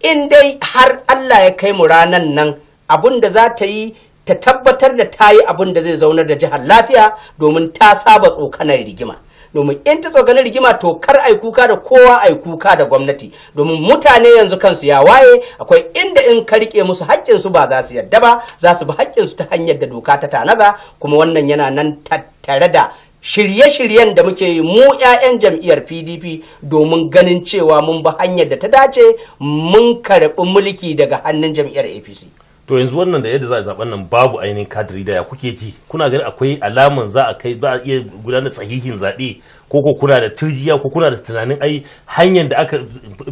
S8: in dai har Allah ya kai mu ranan nan abun da za ta yi ta tabbatar da ta yi abun da zai zaunar da jihar lafiya domin ta saba tsokanar rigima domin in ta tsoganin rigima to kar ai kuka da kowa ai kuka da gwamnati domin mutane yanzu kansu ya waye akwai inda in ka rike musu haƙƙin su ba za su yadda ba za su bi haƙƙin su ta hanyar da doka ta tanaza kuma wannan yana nan tattare da shirye-shiryen da muke yi mu 'ya'yan jam'iyyar pdp domin ganin cewa mun bi hanyar da ta dace mun karɓi mulki daga hannun jam'iyyar apc
S7: to yanzu wannan da yadda za a zaben nan babu ainihin kadiri da ya kuke ji kuna gani akwai alaman za a kai za a iya gudanar sahihin zaɓe ko
S8: ko kuna da turjiya ko kuna da tunanin ai hanyar da aka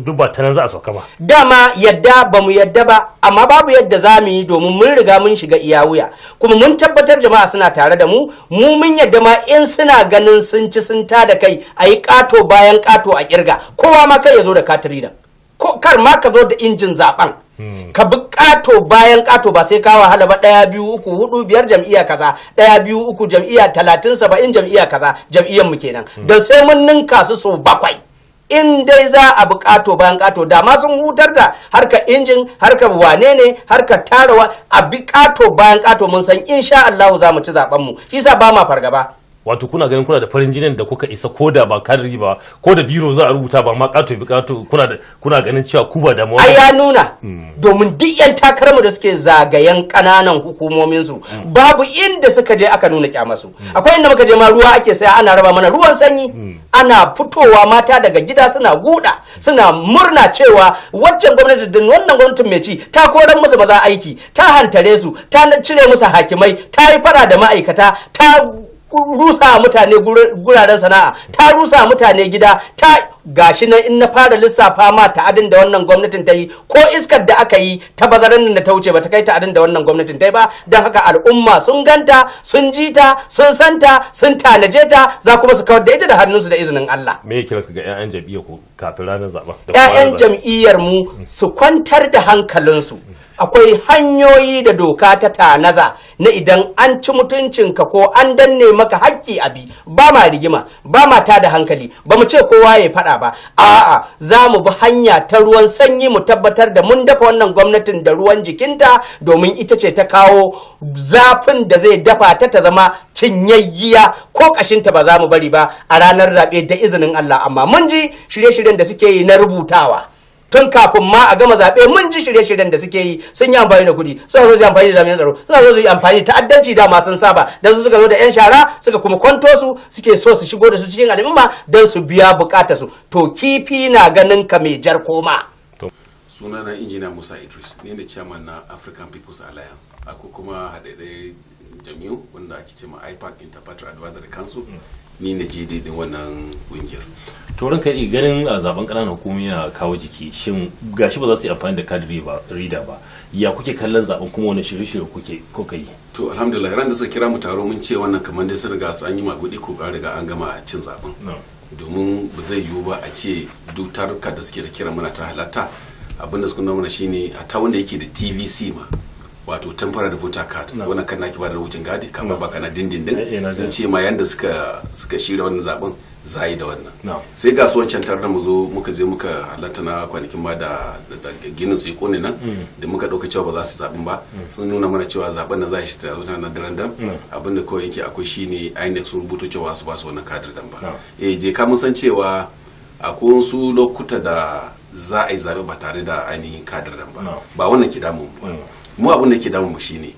S8: duba ta nan za a sauka ba dama yadda ba mu yadda ba amma babu yadda za mu yi domin mun riga mun shiga iya wuya kuma mun tabbatar jama'a suna tare da mu mu mun yadda ma in suna ganin sun ci sun ta da kai a yi ƙato bayan kato a kirga kowa ma kai ya zo da katirida da. kar ma ka zo da injin zaben ka bi kato bayan kato ba sai ka wahala ba daya biyu uku hudu biyar jam'iyya kaza daya biyu uku jam'iyya talatin saba'in jam'iyya kaza jam'iyyar mu kenan hmm. Da sai mun ninka su so bakwai in dai za a buƙato bayan ƙato da ma sun hutar da harka injin harka wane ne harka tarawa a bi kato bayan ƙato mun san insha Allah za mu ci zaben mu shi sa ba ma fargaba
S7: wato kuna ganin kuna da farin jinin da kuka isa ko da ba kadari ba ko da biro za a rubuta ba ma kato bi kato kuna kuna ganin cewa ku ba da mu
S8: ya nuna mm. domin duk yan takarmu da suke zagayen kananan hukumomin su mm. babu inda suka je aka nuna kyamar su mm. akwai inda muka je ma ruwa ake saya ana raba mana ruwan sanyi ana fitowa mata daga gida suna guda suna murna cewa waccan gwamnati da wannan gwamnatin mai ci ta koran musu ba aiki ta hantare su ta cire musu hakimai ta yi fara da ma'aikata ta rusa mutane guraren sana'a ta rusa mutane gida ta gashi nan in na fara lissafa ma ta'adin da wannan gwamnatin ta yi ko iskar da aka yi ta bazaran nan da ta wuce ba ta kai ta'adin da wannan gwamnatin ta yi ba don haka al'umma sun ganta sun ji ta sun santa sun tanaje ta za kuma su kawar da ita da hannunsu da izinin Allah
S7: me yake ga 'ya'yan jabiya ko kafin ranar zaɓa. ƴaƴan
S8: jam'iyyar mu su kwantar da hankalinsu akwai hanyoyi da doka ta tanaza na idan an ci mutuncinka ko an danne maka hakki abi ba ma rigima ba ma ta da hankali ba mu ce kowa ya faɗa ba a'a za mu bi hanya ta ruwan sanyi mu tabbatar da mun dafa wannan gwamnatin da ruwan jikinta domin ita ce ta kawo zafin da zai dafa ta ta zama cinyayyiya ko kashinta ba za mu bari ba a ranar zaɓe da izinin Allah amma mun ji shirye-shiryen da suke yi na rubutawa tun kafin ma a gama zabe mun ji shirye-shiryen da suke yi sun yi amfani da kuɗi suna zo su yi amfani da jami'an tsaro suna zo su yi amfani da ta'addanci da sun saba dan su suka zo da 'yan shara suka kuma kwanto su suke so su shigo da su cikin al'umma don su biya bukatar su to kifi na ganin ka mai jar koma.
S9: sunana injina musa idris ne da chairman na african people's alliance akwai kuma haɗaɗɗe jamiu wanda ake cewa ipac interparty advisory council
S7: ni ne je daidai wannan kungiyar to ranka yi ganin a zaben ƙananan hukumi yana kawo jiki shin gashi ba za su yi amfani da card reader ba ya kuke kallon zaben kuma wani shirye-shirye kuke kuka yi to alhamdulillah ran
S9: da suka kira mu taro mun ce wannan kamar dai sun riga su an yi magudi ko ka riga an gama cin zaben domin ba zai yiwu ba a ce duk taruka da suke da kira muna ta halatta abin da suka nuna mana shine hatta wanda yake da tvc ma wato temporary voter card wannan kan naki ba da wucin gadi kama ba kana dindindin eh, eh, sun ce ma yanda suka suka shirya wannan zaben zai yi da wannan sai ga su wancan tare da mu zo muka je muka halatta na kwanakin ba da ginin su iko ne nan hmm. da muka dauka cewa ba za su zaben ba hmm. sun nuna mana cewa zaben na za shi ta zuta na darandam hmm. abinda kawai yake akwai shine INEC sun rubuta cewa su ba su wannan kadar dan ba eh je ka mun san cewa akwai su lokuta da za a yi zabe ba tare da ainihin kadar dan ba ba wannan ke damu ba mu abin da ke damu mu shine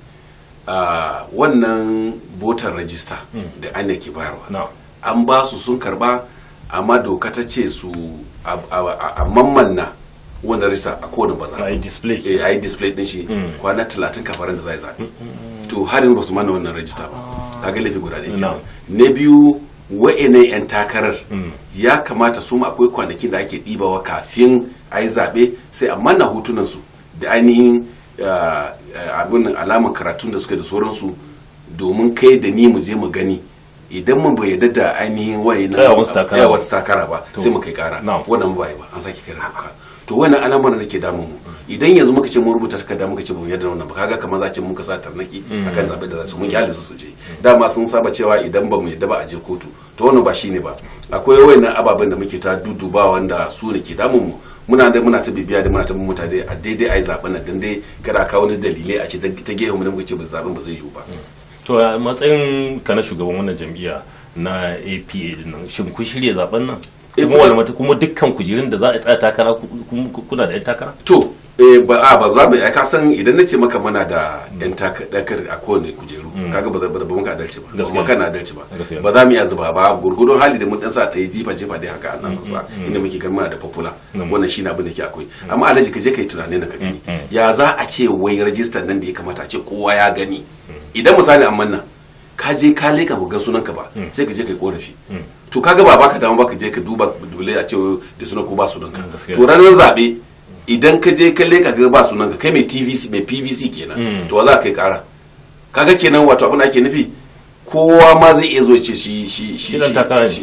S9: wannan botar rajista hmm. da ana ke bayarwa an ba su sun karba amma doka ta ce su a mammanna wannan rajista a kowane bazar a yi display eh, din shi hmm. kwana talatin kafarin da zai zaɓe hmm, to harin yanzu ba su mana wannan rajista ba ah. kaga laifi guda ɗaya na biyu wa'ina 'yan takarar ya kamata su akwai kwanakin da ake ɗibawa kafin a yi zaɓe sai a manna su da ainihin Eh, abin alamar karatun da suke da sauransu domin kai da ni mu je mu gani idan mu bai yadda da ainihin waye na tsayawar takara ba sai mu kai kara wannan ba ba an sake kai haka to wannan alamar da ke damu mu idan yanzu muka ce mun rubuta takarda muka ce mun yadda wannan ba kaga kamar za ce muka sa tarnaki mm. akan zabe da za su mun kyale su je dama sun saba cewa idan ba mu yarda ba a je kotu to wannan ba shine ba akwai wayannan ababen da muke ta duduba wanda su ne ke damu mu muna dai muna ta bibiya da muna ta mummuta mutane a daidai ai zaben nan dan dai kada kawo wani dalilai a ce ta gefen mu da muka ce ba zaben ba zai yiwu ba
S7: to a matsayin ka na shugaban wannan jam'iyya na APA din nan shin ku shirya zaben nan eh, kuma wani kuma dukkan kujerun da za a tsaya takara kuna da yan takara to
S9: eh ba ah, ba za mu ka san idan na ce maka muna da yan takardar a kowane kujeru mm. kaga ba ba muka adalci ba kuma kana adalci ba ba za mu iya zuba ba gurgudun hali da mun dan sa yi jifa jifa dai haka Allah mm, sassa mm, inda muke kan muna da popular wannan shine abin da ke akwai amma alhaji ka je kai tunanin ka gani ya za a ce wai register nan da ya kamata a ce kowa ya gani idan misali amman nan ka je ka leka ga sunan ka ba sai ka je kai korafi to kaga ba baka dama baka je ka duba dole a ce da sunan ko ba sunan ka to ranan zabe idan ka je kalle ka ga ba sunan ka kai mai tvc mai pvc kenan hmm. to za ka kai kara kaga kenan wato abin ake nufi kowa ma zai iya zo ce shi shi shi shi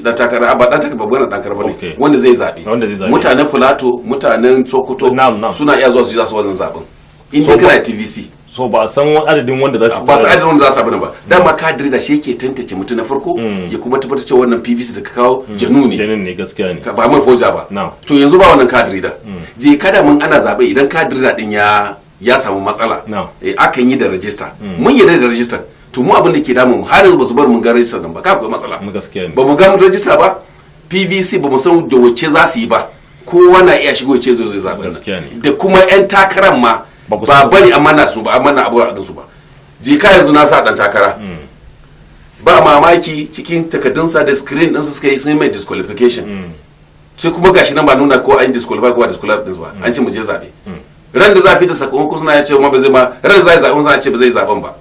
S9: dan takara ba dan takara babban dan takara bane wanda zai zabe mutanen plato mutanen sokoto suna iya zuwa su yi zasu wannan zaben in kana tvc
S7: so ba san adadin wanda za su ba su adadin wanda za su abin ba
S9: ma kadiri da shi yake tantance mutum na farko hmm. ya kuma tabbatar cewa wannan PVC da ka kawo hmm. janu ne janin ne gaskiya ne ba mai foja ba to yanzu ba wannan kadiri da hmm. je kada mun ana zabe idan kadiri da din ya ya samu matsala eh, akan yi da register mun yi da register to mu abin da ke damu har yanzu ba su bar mun ga register nan ba ka ga matsala ba mu ga register ba PVC ba mu san da wace za su yi ba kowa na iya shigo ce zo zai zaɓi da kuma 'yan takarar ma ba bari an manna su ba an manna a su ba jika yanzu na sa dan takara hmm. ba mamaki cikin takardunsa da screen su suka yi sun mai disqualification hmm. sai kuma gashi nan ba nuna ko an disqualify ko disqualify din ba hmm. an ce mu je zaɓe ran da za a fita sakamakon suna ya ce ma ba zai ma ran da za a suna ce ba zai zaben ba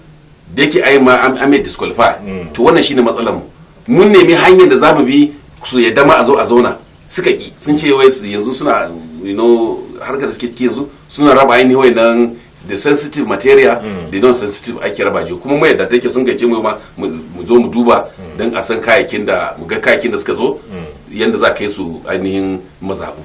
S9: da yake ai ma an mai disqualify to wannan shine matsalar mu mun nemi hanyar da za mu bi su yadda ma a zo a zauna suka ki sun ce wai yanzu suna you know harkar da suke yanzu suna raba ainihin wayannan the sensitive material da non sensitive ake raba ji kuma mai da take sun gaice mu ma mu zo mu duba don a san kayakin da mu ga kayakin da suka zo yanda za ka yi su ainihin mazabu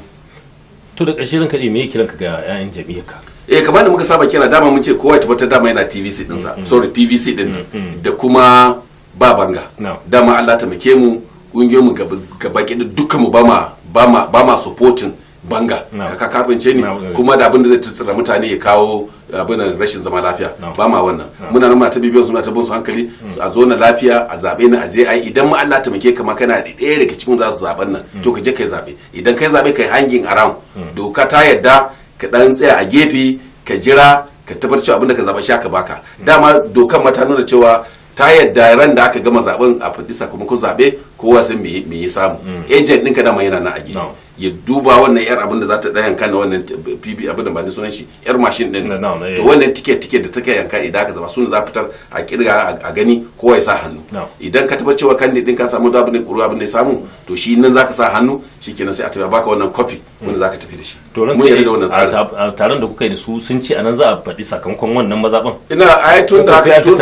S7: to da ƙarshe ranka me yake ranka ga 'ya'yan jami'a ka
S9: eh kamar da muka saba kira dama mun ce kowa ta wata dama yana TVC din sa mm, mm. sorry PVC din mm, da kuma ba banga dama Allah ta make mu kungiyoyin mu gaba dukkan mu ba ma ba ma supporting banga ka kafince ni kuma da abin da zai tsitsira mutane ya kawo abin rashin zama lafiya ba ma wannan muna nan ta bibiyar suna ta bin su hankali mm. a zo na lafiya a zabe na aje ai idan ma Allah ta muke kama kana da ɗaya daga cikin za su zaben nan mm. to ka je kai zabe idan kai zabe kai hanging around mm. doka ta yadda ka dan tsaya a gefe ka jira ka tabbatar cewa abin da ka zaba shi aka baka dama dokan ma ta nuna cewa ta yadda ran da aka gama zaben a kuma sakamakon zabe kowa sun me yi samu agent ɗinka dama yana na a gefe ya duba wannan yar abin da za ta yanka na wannan pb abin da ba ni sunan shi yar mashin din to eh. wannan ticket ticket da take yanka idan ka zaba sun za fitar a kirga a gani ko ya sa hannu idan ka tabbace wa kan din ka samu da abin da kuru abin da ya samu to shi nan za
S7: ka sa hannu shikenan sai a tabbata baka wannan copy mun hmm. za ka tafi da shi to ran mun yarda da wannan tsarin taron da kuka yi da su sun ce anan za a faɗi sakamakon wannan mazaban ina ai tun da aka tun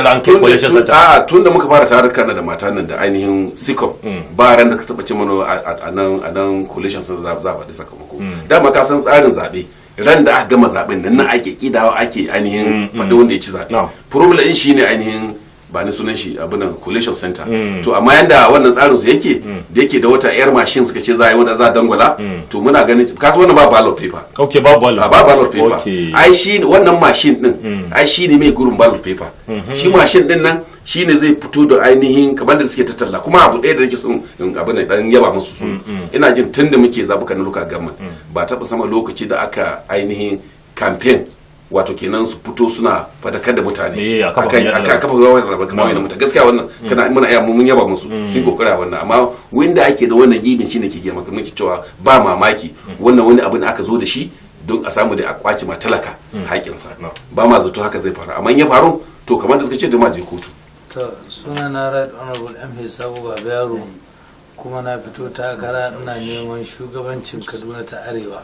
S9: da tun da muka fara tarukan da mata nan da ainihin sikom hmm. ba ran da ka taba ce mana a nan a nan collation zaɓa da sakamako mm. dama ka san tsarin zabe ran da aka gama zaɓen nan nan ake kidawa ake ainihin mm, faɗi mm. wanda ya ci zaɓe problem shi ne ainihin ba ni sunan shi abin nan collation center to amma yanda wannan tsarin su yake da yake da wata air machine suka ce za a yi wanda za a dangwala to muna ganin kasu wannan ba ballot paper
S7: okay ba ballot ba ballot
S9: paper ai shi wannan machine din ai shi ne mai gurin ballot paper
S3: mm-hmm. shi machine
S9: din nan shine zai fito da ainihin kamar da suke tattalla kuma abu ɗaya da nake son in abu ne dan yaba musu su mm, mm. ina jin tun da muke zabuka na luka gamma ba taɓa sama lokaci da aka ainihin campaign wato kenan su fito suna fadakar da mutane akan kafa zuwa wani rabar kamar mm. mutane gaskiya wannan kana muna iya mun yaba musu sun kokara a wannan amma wanda ake da wannan gibin shine ke gema kamar cewa ba mamaki wannan wani abu da aka zo da shi don a samu da a kwaci ma talaka haƙinsa ba ma zato haka zai faru amma in ya faru to kamar da suka ce da ma je kotu
S7: to suna na right honorable mh sabo baba yaro kuma na fito takara ina neman shugabancin kaduna ta arewa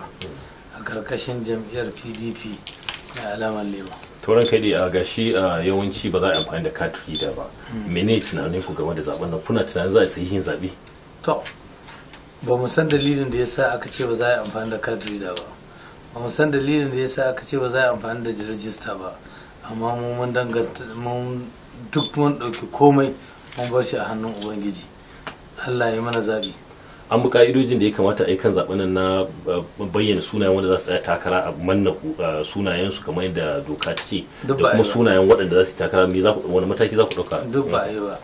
S7: a karkashin jam'iyyar pdp na alamar lema turan kai a gashi a yawanci ba za a amfani da card gida ba hmm. mene tunanin ku game da zaben nan kuna tunanin za a sayi yin zabe to ba mu san dalilin da yasa aka ce ba za a amfani da card gida ba ba mu san dalilin da yasa aka ce ba za a amfani da rajista ba amma mun duk mun ɗauki komai mun bar shi a hannun ubangiji allah ya mana zaɓi an bi ka'idojin da ya kamata a yi kan zaɓen nan na uh, bayyana sunayen wanda za su tsaya takara a manna uh, sunayen su kamar yadda doka ta ce da kuma sunayen waɗanda za su takara me za ku wani mataki za ku ɗauka duk ba yi ba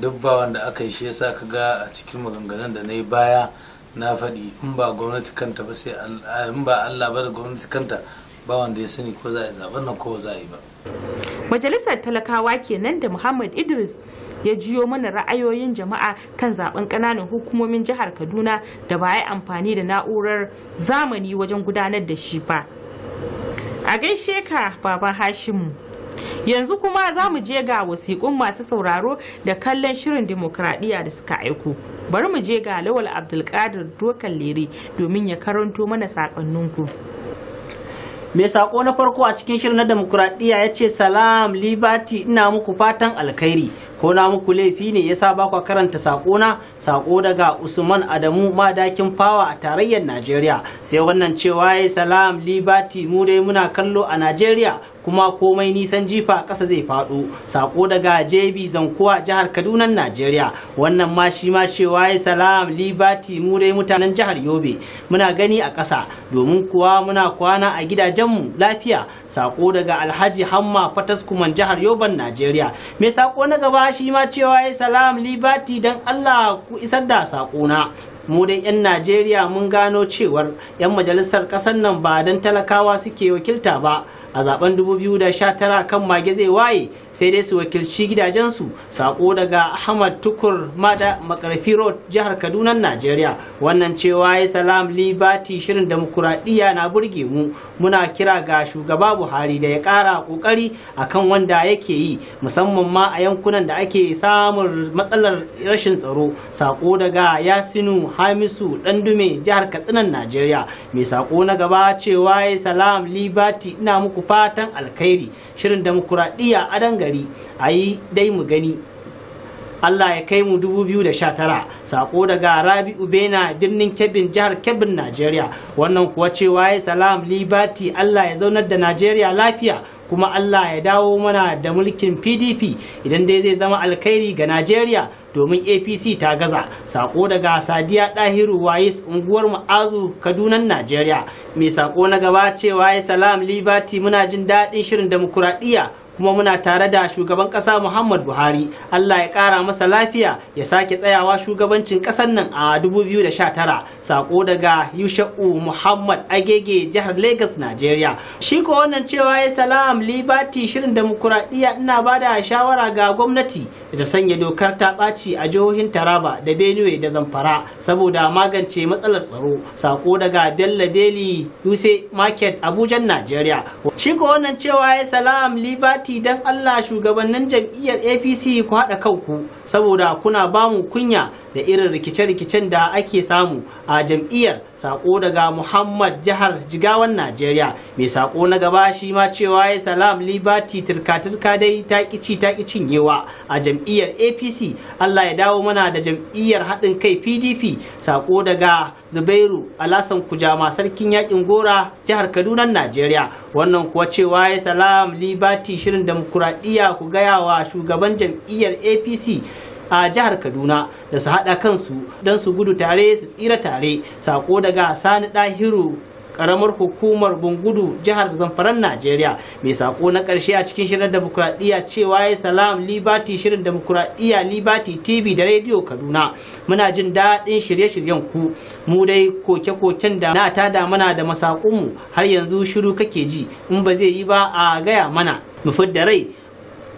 S7: duk ba wanda aka yi shi yasa ka ga a cikin maganganun da na yi baya na faɗi in ba gwamnati kanta ba sai in ba Allah ba da gwamnati kanta ba wanda ya sani ko za a yi zaben nan ko za a yi ba
S1: majalisar talakawa kenan da muhammad idris ya jiyo mana ra'ayoyin jama'a kan zaben ƙananan hukumomin jihar kaduna da ba yi amfani da na'urar zamani wajen gudanar da shi ba a gaishe ka baba hashimu yanzu kuma za mu je ga wasiƙun masu sauraro da kallon shirin demokradiyya da suka aiko bari mu je ga lawal abdulkadir dokan lere domin ya karanto mana saƙonninku. mai sako na farko a cikin shirin na demokuraɗiyya ya ce salam liberty ina muku fatan
S6: alkhairi ko na muku laifi ne yasa ba ku karanta sako na sako daga Usman Adamu madakin fawa a tarayyar Najeriya sai wannan cewa ya salam liberty mu dai muna kallo a Najeriya kuma komai nisan jifa ƙasa zai faɗo sako daga JB Zankuwa jihar Kaduna Najeriya wannan ma shi ma cewa ya salam liberty mu dai mutanen jihar Yobe muna gani a ƙasa domin kuwa muna kwana a gidajenmu lafiya sako daga Alhaji Hamma Fataskuman jihar Yoban Najeriya me sako na gaba shi ma cewa ya salam liberty don Allah ku isar da saƙona mu dai 'yan najeriya mun gano cewar 'yan majalisar ƙasar nan ba don talakawa suke wakilta ba a zaben 2019 kan mage zai waye sai dai su wakilci gidajensu sako daga ahmad tukur mada makarfi road jihar kaduna najeriya wannan cewa ya salam libati shirin demokuraɗiyya na burge mu muna kira ga shugaba buhari da ya ƙara ƙoƙari akan wanda yake yi musamman ma a yankunan da ake samun matsalar rashin tsaro sako daga yasinu hamisu dandume jihar Katsina najeriya mai sako na gaba cewa ya salam liberty ina muku fatan alkhairi shirin demokuraɗiyya a dangari a yi dai mu gani Allah ya kai mu 2019 sako daga Rabi'u Ubena birnin Kebbin jihar Kebbin Najeriya wannan kuwa cewa ya salam liberty Allah ya zaunar da Najeriya lafiya kuma Allah ya dawo mana da mulkin PDP idan dai zai zama alkhairi ga Najeriya domin APC ta gaza sako daga Sadiya Dahiru Wayis unguwar Mu'azu Kadunan Najeriya mai sako na gaba cewa ya salam Liberty muna jin daɗin shirin demokuraɗiyya kuma muna tare da shugaban ƙasa Muhammad Buhari Allah ya ƙara masa lafiya ya sake tsayawa shugabancin ƙasar nan a 2019 sako daga Yusha'u Muhammad Agege jihar Lagos Najeriya shi ko wannan cewa ya salam liberty shirin demokuraɗiyya ina ba da shawara ga gwamnati da ta sanya dokar ta ɓaci a jihohin taraba da benue da zamfara saboda magance matsalar tsaro sako daga bello beli yuse market Abuja najeriya shi ko wannan cewa ya salam liberty don allah shugabannin jam'iyyar apc ku haɗa kanku saboda kuna bamu kunya da irin rikice-rikicen da ake samu a jam'iyyar sako daga muhammad jihar jigawan najeriya mai sako na gaba shi ma cewa ya salam liberty turka-turka dai ta kici ta cinyewa a jam'iyyar apc allah ya dawo mana da jam'iyyar haɗin kai pdp sako daga zubairu alasan kujama sarkin yakin gora jihar kaduna najeriya wannan kuwa cewa ya salam liberty shirin demokuraɗiyya ku gaya wa shugaban jam'iyyar apc a jihar kaduna da su haɗa kansu don su gudu tare su tsira tare sako daga sani ɗahiru karamar hukumar bungudu jihar zamfaran najeriya mai sako na karshe a cikin shirin demokuraɗiyya cewa ya salam liberty shirin demokuraɗiyya liberty tv da rediyo kaduna muna jin daɗin shirye-shiryen ku mu dai koke-koken da na da mana da masakunmu har yanzu shiru kake ji in ba zai yi ba a gaya mana mu fidda rai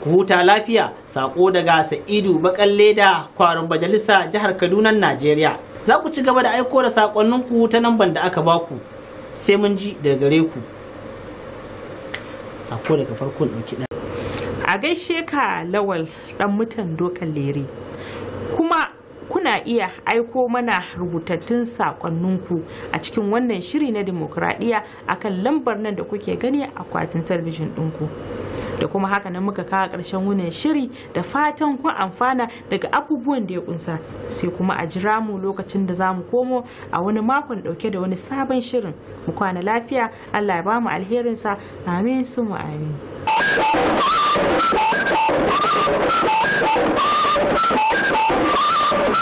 S6: ku huta lafiya sako daga sa'idu bakalle da kwarin majalisa jihar kaduna najeriya za ku ci gaba da aiko da sakonninku ta lambar da aka baku sai mun ji daga gare ku
S1: sako daga farkon ɗauki ɗan a gaishe ka lawal ɗan mutan dokan lere kuma kuna iya aiko mana rubutattun sakonninku a cikin wannan shiri na demokradiyya akan lambar nan da kuke gani a akwatin talabijin ɗinku da kuma haka nan muka kawo ƙarshen wannan shiri da fatan kun amfana daga abubuwan da ya kunsa sai kuma a jira mu lokacin da za mu komo a wani makon ɗauke da wani sabon shirin mu kwana lafiya allah ya bamu alherinsa amin su mu amin Thank you.